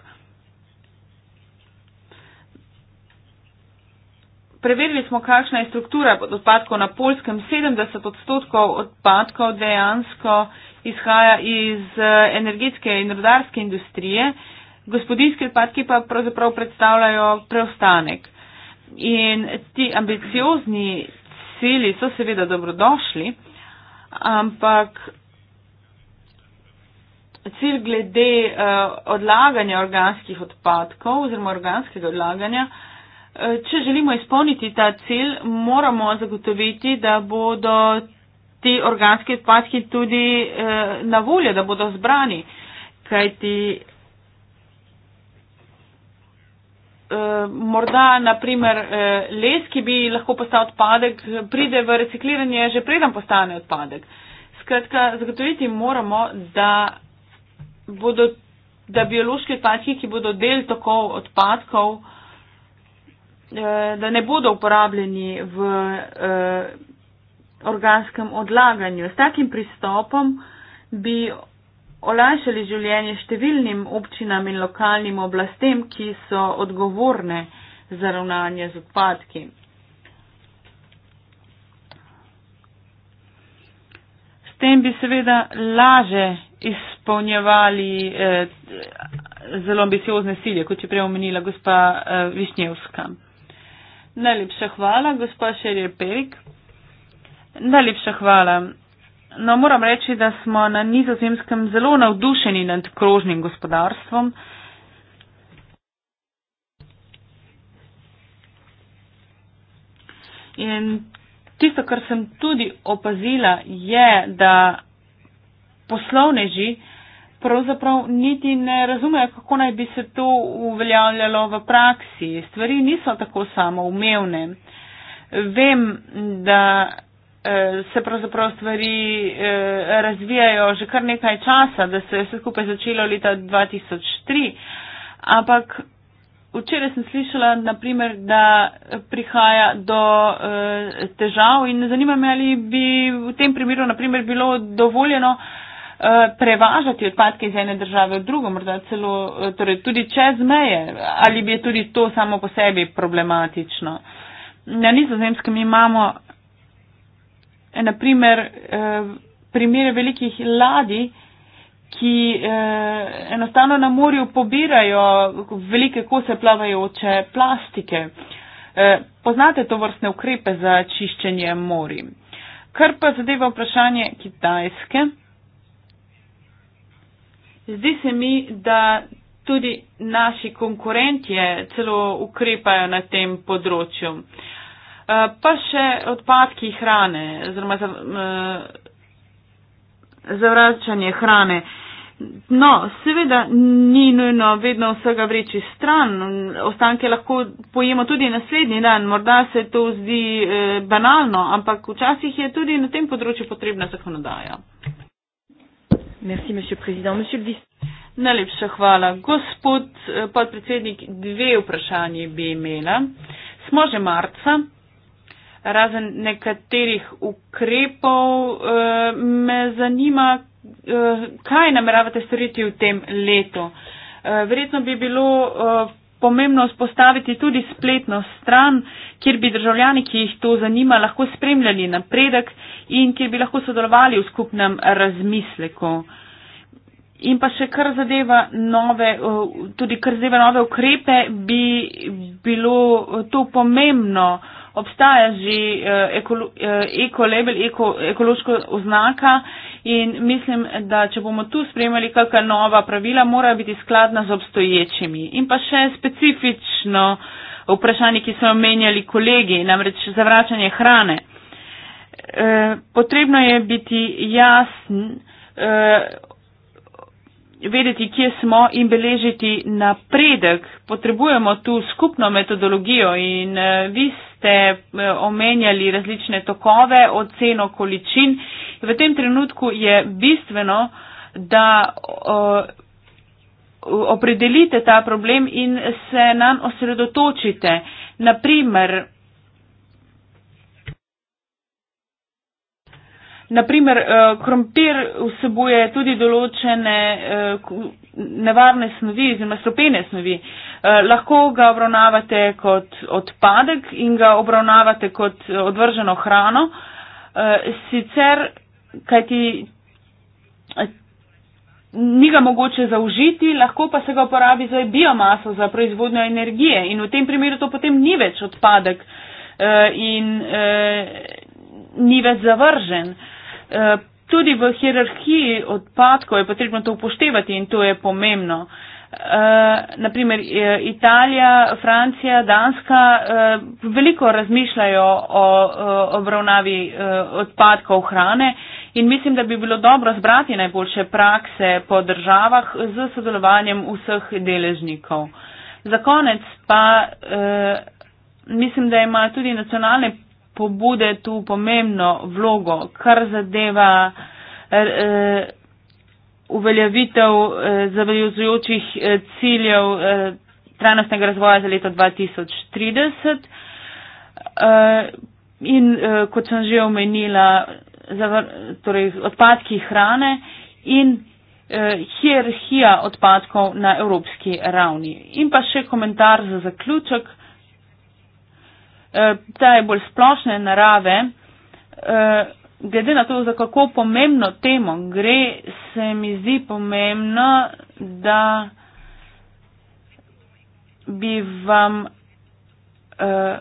Preverili smo, kakšna je struktura odpadkov na polskem. 70 odstotkov odpadkov dejansko izhaja iz eh, energetske in rodarske industrije, gospodinski odpadki pa pravzaprav predstavljajo preostanek. In ti ambiciozni cili so seveda dobrodošli, ampak cilj glede uh, odlaganja organskih odpadkov oziroma organskega odlaganja, uh, če želimo izpolniti ta cilj, moramo zagotoviti, da bodo ti organski odpadki tudi uh, na voljo, da bodo zbrani. Kajti Eh, morda naprimer eh, les, ki bi lahko postal odpadek, pride v recikliranje že preden postane odpadek. Skratka, zagotoviti moramo, da bodo da biološki odpadki, ki bodo del tako odpadkov, eh, da ne bodo uporabljeni v organskem odlaganju. S takim pristopom bi olajšali življenje številnim občinam in lokalnim oblastem, ki so odgovorne za ravnanje z odpadki. S tem bi seveda laže izpolnjevali eh, zelo ambiciozne cilje, kot je prej omenila gospa eh, Višnjevska. Najlepša hvala, gospa Šerjer Perik. Najlepša hvala. No, moram reči, da smo na nizozemskem zelo navdušeni nad krožnim gospodarstvom. In tisto, kar sem tudi opazila, je, da poslovneži pravzaprav niti ne razumejo, kako naj bi se to uveljavljalo v praksi. Stvari niso tako samoumevne. Vem, da Eh, se pravzaprav stvari eh, razvijajo že kar nekaj časa, da se je vse skupaj začelo leta 2003. Ampak včeraj sem slišala, naprimer, da prihaja do eh, težav in zanima me, ali bi v tem primeru naprimer, bilo dovoljeno prevažati odpadke iz ene države v drugo, morda celo, torej tudi čez meje, ali bi je tudi to samo po sebi problematično. Na nizozemskem imamo naprimer, eh, primere velikih ladij, ki eh, enostavno na morju pobirajo velike kose plavajoče plastike. Eh, poznate to vrstne ukrepe za čiščenje mori. Kar pa zadeva vprašanje Kitajske, zdi se mi, da tudi naši konkurentje celo ukrepajo na tem področju. Uh, Eh, pa še odpadki hrane, oziroma eh, zavračanje hrane. No, seveda ni nujno vedno vsega vreči stran, ostanke lahko pojemo tudi naslednji dan, morda se to zdi eh, banalno, ampak včasih je tudi na tem področju potrebna zakonodaja. Merci, Najlepša hvala. Gospod podpredsednik, dve vprašanje bi imela. Smo že marca, razen nekaterih ukrepov, eh, me zanima, eh, kaj nameravate storiti v tem letu. Eh, verjetno bi bilo pomembno vzpostaviti tudi spletno stran, kjer bi državljani, ki jih to zanima, lahko spremljali napredek in kjer bi lahko sodelovali v skupnem razmisleku. In pa še kar zadeva nove, tudi kar zadeva nove ukrepe, bi bilo to pomembno obstaja že eh, eh, ekolabel, eko, ekološko oznaka in mislim, da če bomo tu spremljali kakšna nova pravila, mora biti skladna z obstoječimi. In pa še specifično vprašanje, ki so omenjali kolegi, namreč zavračanje hrane. E, potrebno je biti jasen, e, vedeti, kje smo in beležiti napredek. Potrebujemo tu skupno metodologijo in e, vi ste ste eh, omenjali različne tokove, oceno količin. V tem trenutku je bistveno, da opredelite ta problem in se nam osredotočite. Naprimer, Naprimer, eh, krompir vsebuje tudi določene eh, nevarne snovi, oziroma stropene snovi. Eh, lahko ga obravnavate kot odpadek in ga obravnavate kot eh, odvrženo hrano. Eh, sicer, kajti eh, ni ga mogoče zaužiti, lahko pa se ga uporabi za biomaso, za proizvodnjo energije in v tem primeru to potem ni več odpadek eh, in eh, ni več zavržen. Eh, tudi v hierarhiji odpadkov je potrebno to upoštevati in to je pomembno. Uh, eh, naprimer, eh, Italija, Francija, Danska uh, veliko razmišljajo o uh, obravnavi uh, odpadkov hrane in mislim, da bi bilo dobro zbrati najboljše prakse po državah z sodelovanjem vseh deležnikov. Za konec pa uh, mislim, da imajo tudi nacionalne pobude tu pomembno vlogo, kar zadeva eh, uveljavitev eh, zavezujočih eh, ciljev eh, trajnostnega razvoja za leto 2030. Eh, in eh, kot sem že omenila, zavr, torej, odpadki hrane in eh, hierarhija odpadkov na evropski ravni. In pa še komentar za zaključek. Eh, ta je bolj splošne narave. Eh, glede na to, za kako pomembno temo gre, se mi zdi pomembno, da bi vam eh,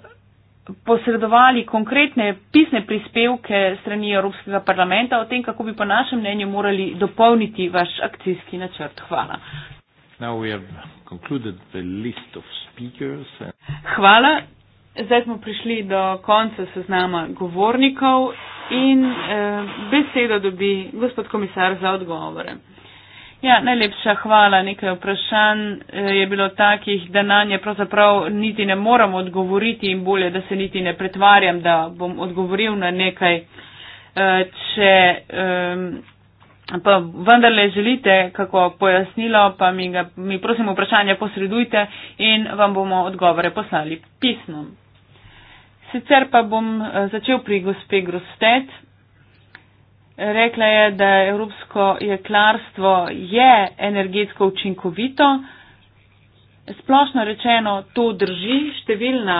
posredovali konkretne pisne prispevke strani Evropskega parlamenta o tem, kako bi po našem mnenju morali dopolniti vaš akcijski načrt. Hvala. Hvala. Zdaj smo prišli do konca seznama govornikov in eh, besedo dobi gospod komisar za odgovore. Ja, najlepša hvala. Nekaj vprašanj eh, je bilo takih, da na nje pravzaprav niti ne moram odgovoriti in bolje, da se niti ne pretvarjam, da bom odgovoril na nekaj. Eh, če eh, pa vendarle želite kako pojasnilo, pa mi, ga, mi prosim vprašanje posredujte in vam bomo odgovore poslali pisno sicer pa bom eh, začel pri gospe Grosted. Rekla je, da evropsko jeklarstvo je energetsko učinkovito. Splošno rečeno to drži. Številna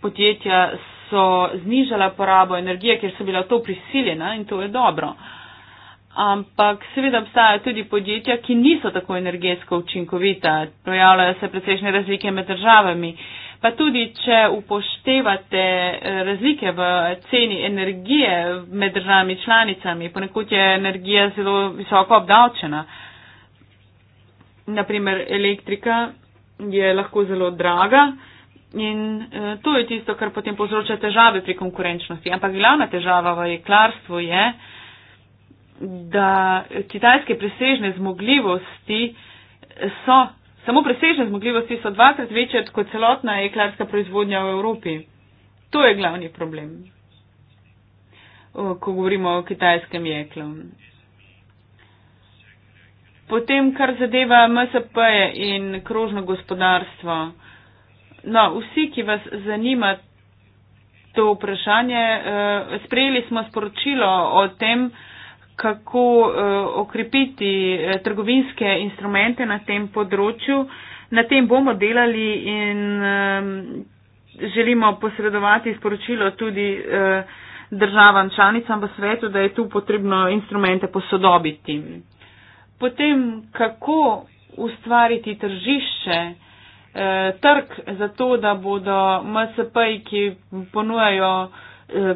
podjetja so znižala porabo energije, ker so bila to prisiljena in to je dobro. Ampak seveda obstajajo tudi podjetja, ki niso tako energetsko učinkovita. Pojavljajo se precejšnje razlike med državami. Uh, pa tudi, če upoštevate eh, razlike v ceni energije med državami članicami, ponekud je energija zelo visoko obdavčena. Naprimer, elektrika je lahko zelo draga in eh, to je tisto, kar potem povzroča težave pri konkurenčnosti. Ampak glavna težava v jeklarstvu je, da kitajske presežne zmogljivosti so Samo presežne zmogljivosti so dvakrat večje kot celotna jeklarska proizvodnja v Evropi. To je glavni problem, ko govorimo o kitajskem jeklu. Potem, kar zadeva MSP -e in krožno gospodarstvo. No, vsi, ki vas zanima to vprašanje, eh, sprejeli smo sporočilo o tem, kako uh, okrepiti eh, trgovinske instrumente na tem področju. Na tem bomo delali in um, želimo posredovati sporočilo tudi uh, državam članicam v svetu, da je tu potrebno instrumente posodobiti. Potem, kako ustvariti tržišče, eh, trg za to, da bodo MSP-ji, ki ponujajo eh,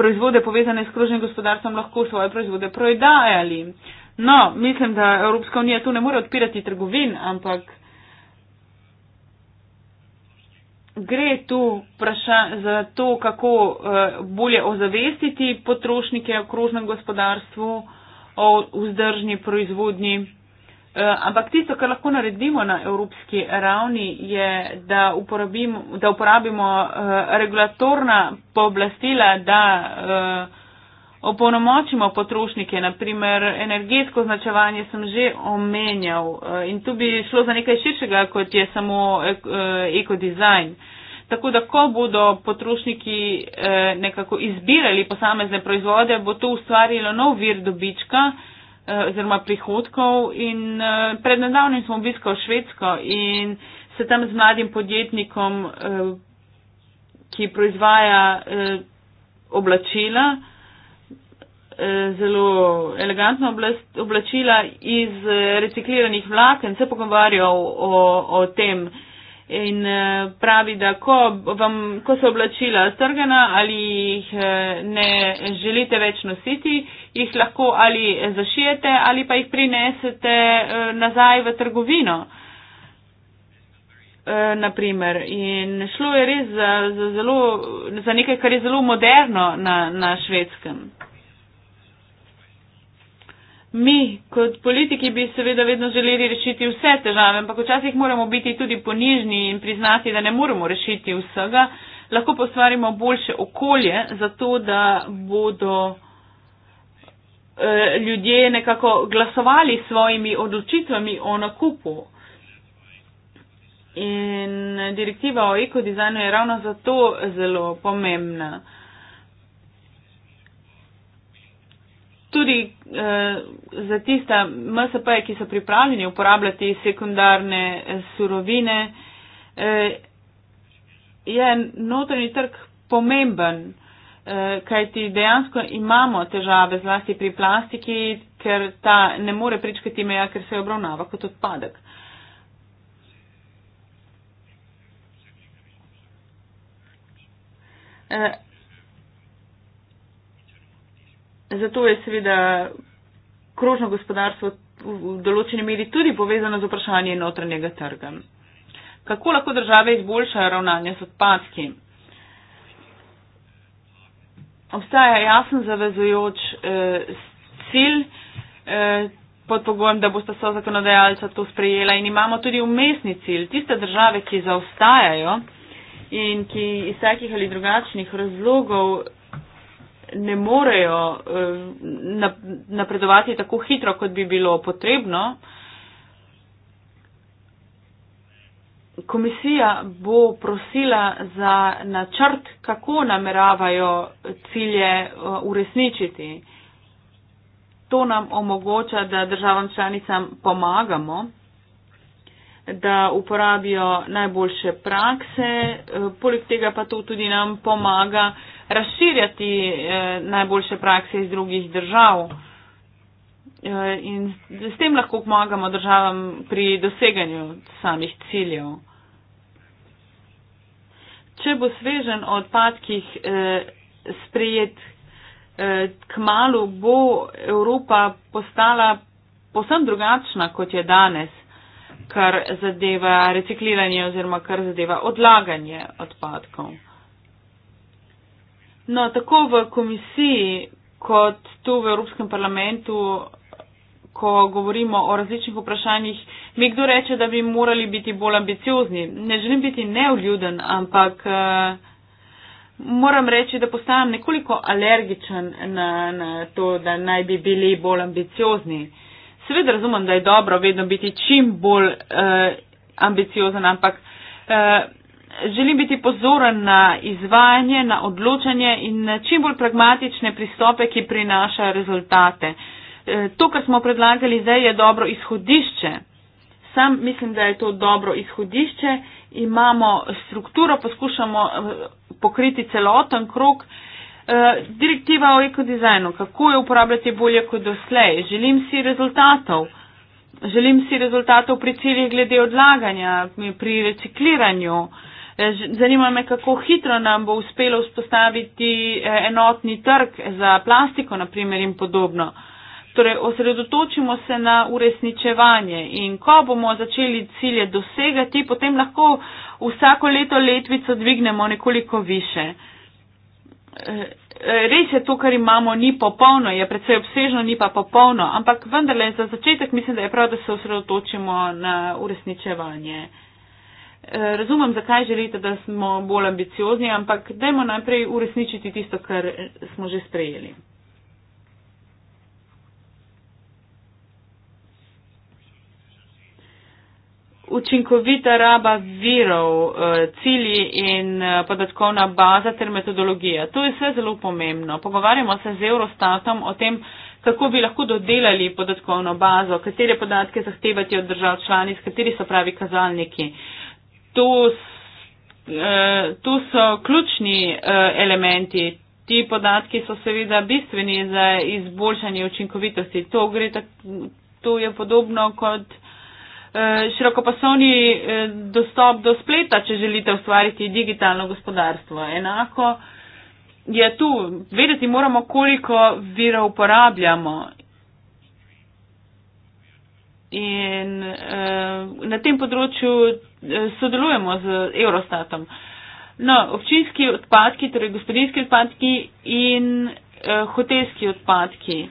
proizvode povezane s krožnim gospodarstvom lahko svoje proizvode prodajali. No, mislim, da Evropska unija tu ne more odpirati trgovin, ampak gre tu za to, kako eh, bolje ozavestiti potrošnike o krožnem gospodarstvu, o vzdržni proizvodnji. Eh, ampak tisto, kar lahko naredimo na evropski ravni, je, da uporabimo, da uporabimo uh, regulatorna pooblastila, da uh, opolnomočimo potrošnike. Naprimer, energetsko značevanje sem že omenjal uh, in tu bi šlo za nekaj širšega, kot je samo uh, ekodizajn. Tako da, ko bodo potrošniki eh, nekako izbirali posamezne proizvode, bo to ustvarilo nov vir dobička, eh, Eh, oziroma prihodkov in eh, prednedavnim smo obiskali Švedsko in se tam z mladim podjetnikom, eh, ki proizvaja oblačila, zelo elegantno oblačila iz recikliranih vlaken, se pogovarjal o, o tem, in eh, pravi, da ko, vam, ko so oblačila strgana ali jih eh, ne želite več nositi, jih lahko ali zašijete ali pa jih prinesete eh, nazaj v trgovino. Naprimer. In šlo je res za, za, zelo, za nekaj, kar je zelo moderno na, na švedskem. Mi, kot politiki, bi seveda vedno želeli rešiti vse težave, ampak včasih moramo biti tudi ponižni in priznati, da ne moremo rešiti vsega. Lahko pa ustvarimo boljše okolje, zato da bodo eh, ljudje nekako glasovali s svojimi odločitvami o nakupu. In direktiva o ekodizajnu je ravno zato zelo pomembna. tudi eh, za tista MSP, -e, ki so pripravljeni uporabljati sekundarne eh, surovine, eh, je notranji trg pomemben, eh, kajti dejansko imamo težave zlasti pri plastiki, ker ta ne more pričkati meja, ker se obravnava kot odpadek. Eh, Zato je seveda krožno gospodarstvo v določeni meri tudi povezano z vprašanjem notranjega trga. Kako lahko države izboljšajo ravnanje s odpadki? Obstaja jasen zavezujoč eh, cilj eh, pod pogojem, da boste so zakonodajalca to sprejela in imamo tudi umestni cilj. Tiste države, ki zaostajajo in ki iz vsakih ali drugačnih razlogov ne morejo eh, napredovati tako hitro, kot bi bilo potrebno, komisija bo prosila za načrt, kako nameravajo cilje eh, uresničiti. To nam omogoča, da državam članicam pomagamo da uporabijo najboljše prakse, eh, poleg tega pa to tudi nam pomaga uh, razširjati eh, najboljše prakse iz drugih držav. Eh, in s tem lahko pomagamo državam pri doseganju samih ciljev. Če bo svežen odpadkih eh, sprejet eh, k malu, bo Evropa postala posem drugačna, kot je danes, kar zadeva recikliranje oziroma kar zadeva odlaganje odpadkov. No, tako v komisiji kot tu v Evropskem parlamentu, ko govorimo o različnih vprašanjih, mi kdo reče, da bi morali biti bolj ambiciozni. Ne želim biti neuljuden, ampak eh, moram reči, da postajam nekoliko alergičen na, na to, da naj bi bili bolj ambiciozni. Seveda razumem, da je dobro vedno biti čim bolj uh, ambiciozen, ampak. Uh, želim biti pozoren na izvajanje, na odločanje in na čim bolj pragmatične pristope, ki prinašajo rezultate. E, to, kar smo predlagali zdaj, je dobro izhodišče. Sam mislim, da je to dobro izhodišče. Imamo strukturo, poskušamo e, pokriti celoten krok. E, direktiva o ekodizajnu, kako je uporabljati bolje kot doslej. Želim si rezultatov. Želim si rezultatov pri ciljih glede odlaganja, pri recikliranju, Eh, zanima me, kako hitro nam bo uspelo vzpostaviti eh, enotni trg za plastiko naprimer, in podobno. Torej, osredotočimo se na uresničevanje in ko bomo začeli cilje dosegati, potem lahko vsako leto letvico dvignemo nekoliko više. Eh, res je to, kar imamo, ni popolno, je predvsej obsežno, ni pa popolno, ampak vendarle za začetek mislim, da je prav, da se osredotočimo na uresničevanje. Eh, razumem, zakaj želite, da smo bolj ambiciozni, ampak dajmo najprej uresničiti tisto, kar smo že sprejeli. Učinkovita raba virov, eh, cilji in eh, podatkovna baza ter metodologija. To je vse zelo pomembno. Pogovarjamo se z Eurostatom o tem, kako bi lahko dodelali podatkovno bazo, katere podatke zahtevati od držav članic, kateri so pravi kazalniki. Uh, to, uh, to so ključni uh, elementi. Ti podatki so seveda bistveni za izboljšanje učinkovitosti. To, gre, to je podobno kot uh, širokopasovni uh, dostop do spleta, če želite ustvariti digitalno gospodarstvo. Enako je tu, vedeti moramo, koliko virov uporabljamo. In uh, na tem področju sodelujemo z Eurostatom. No, občinski odpadki, torej gospodinski odpadki in eh, hotelski odpadki.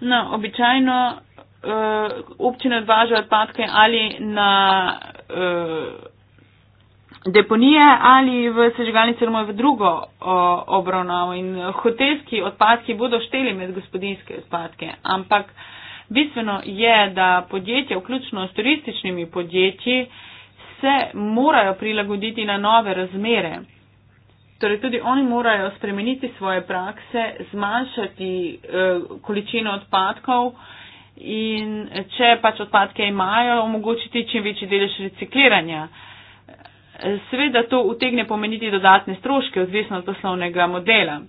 No, običajno eh, občine odvažajo odpadke ali na eh, deponije ali v sežgalnice, ali v drugo eh, obravnavo. In hotelski odpadki bodo šteli med gospodinske odpadke, ampak bistveno je, da podjetja, vključno s turističnimi podjetji, eh, se morajo prilagoditi na nove razmere. Torej tudi oni morajo spremeniti svoje prakse, zmanjšati eh, količino odpadkov in če pač odpadke imajo, omogočiti čim večji delež recikliranja. Seveda to utegne pomeniti dodatne stroške, odvisno od poslovnega modela.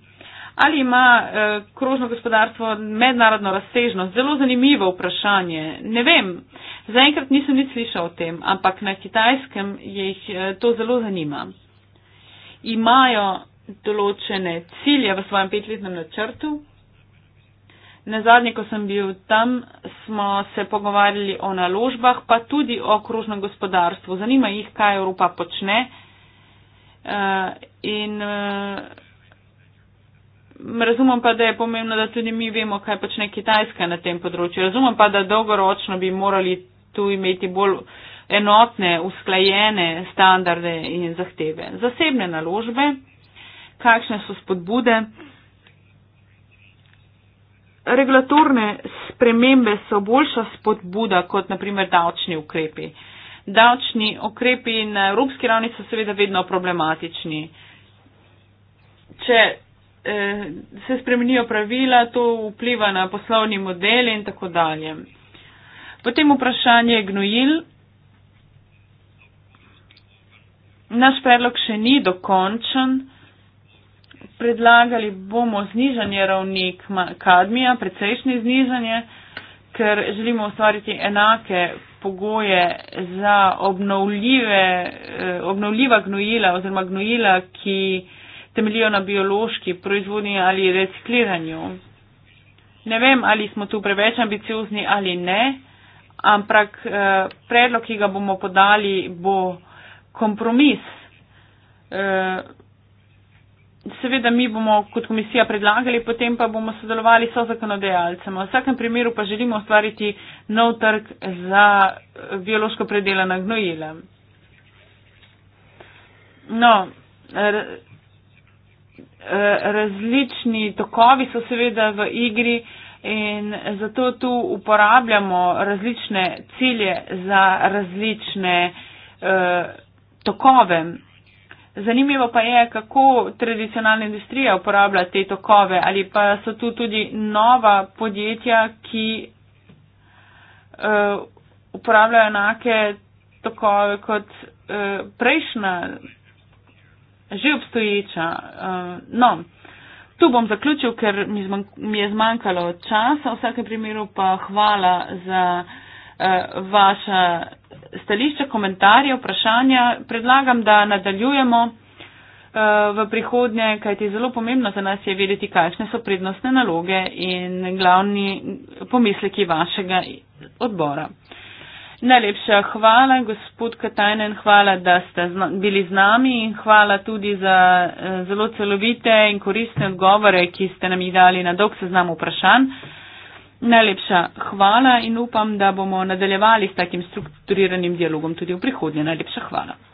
Ali ima eh, krožno gospodarstvo mednarodno razsežnost? Zelo zanimivo vprašanje. Ne vem, zaenkrat nisem nič slišal o tem, ampak na kitajskem jih eh, to zelo zanima. Imajo določene cilje v svojem petletnem načrtu. Na zadnje, ko sem bil tam, smo se pogovarjali o naložbah, pa tudi o krožnem gospodarstvu. Zanima jih, kaj Evropa počne. Eh, in, eh, razumem pa, da je pomembno, da tudi mi vemo, kaj počne Kitajska na tem področju. Razumem pa, da dolgoročno bi morali tu imeti bolj enotne, usklajene standarde in zahteve. Zasebne naložbe, kakšne so spodbude. Regulatorne spremembe so boljša spodbuda kot naprimer davčni ukrepi. Davčni ukrepi na evropski ravni so seveda vedno problematični. Če eh, se spremenijo pravila, to vpliva na poslovni model in tako dalje. Potem vprašanje gnojil. Naš predlog še ni dokončen. Predlagali bomo znižanje ravni kadmija, precejšnje znižanje, ker želimo ustvariti enake pogoje za obnovljive, eh, obnovljiva gnojila oziroma gnojila, ki eh, temeljijo na biološki proizvodnji ali recikliranju. Ne vem, ali smo tu preveč ambiciozni ali ne, ampak eh, predlog, ki ga bomo podali, bo kompromis. Eh, seveda mi bomo kot komisija predlagali, potem pa bomo sodelovali so zakonodajalcem. V vsakem primeru pa želimo ustvariti nov trg za eh, biološko predelana gnojila. No, eh, Eh, različni tokovi so seveda v igri in zato tu uporabljamo različne cilje za različne eh, tokove. Zanimivo pa je, kako tradicionalna industrija uporablja te tokove ali pa so tu tudi nova podjetja, ki eh, uporabljajo enake tokove kot eh, prejšnja že obstoječa. Uh, no, tu bom zaključil, ker mi, zman, mi je zmanjkalo časa. V vsakem primeru pa hvala za uh, eh, vaše stališče, komentarje, vprašanja. Predlagam, da nadaljujemo eh, v prihodnje, kajti zelo pomembno za nas je vedeti, kakšne so prednostne naloge in glavni pomisleki vašega odbora. Najlepša hvala, gospod Katajnen, hvala, da ste bili z nami in hvala tudi za eh, zelo celovite in koristne odgovore, ki ste nam jih dali na dolg seznam vprašanj. Najlepša hvala in upam, da bomo nadaljevali s takim strukturiranim dialogom tudi v prihodnje. Najlepša hvala.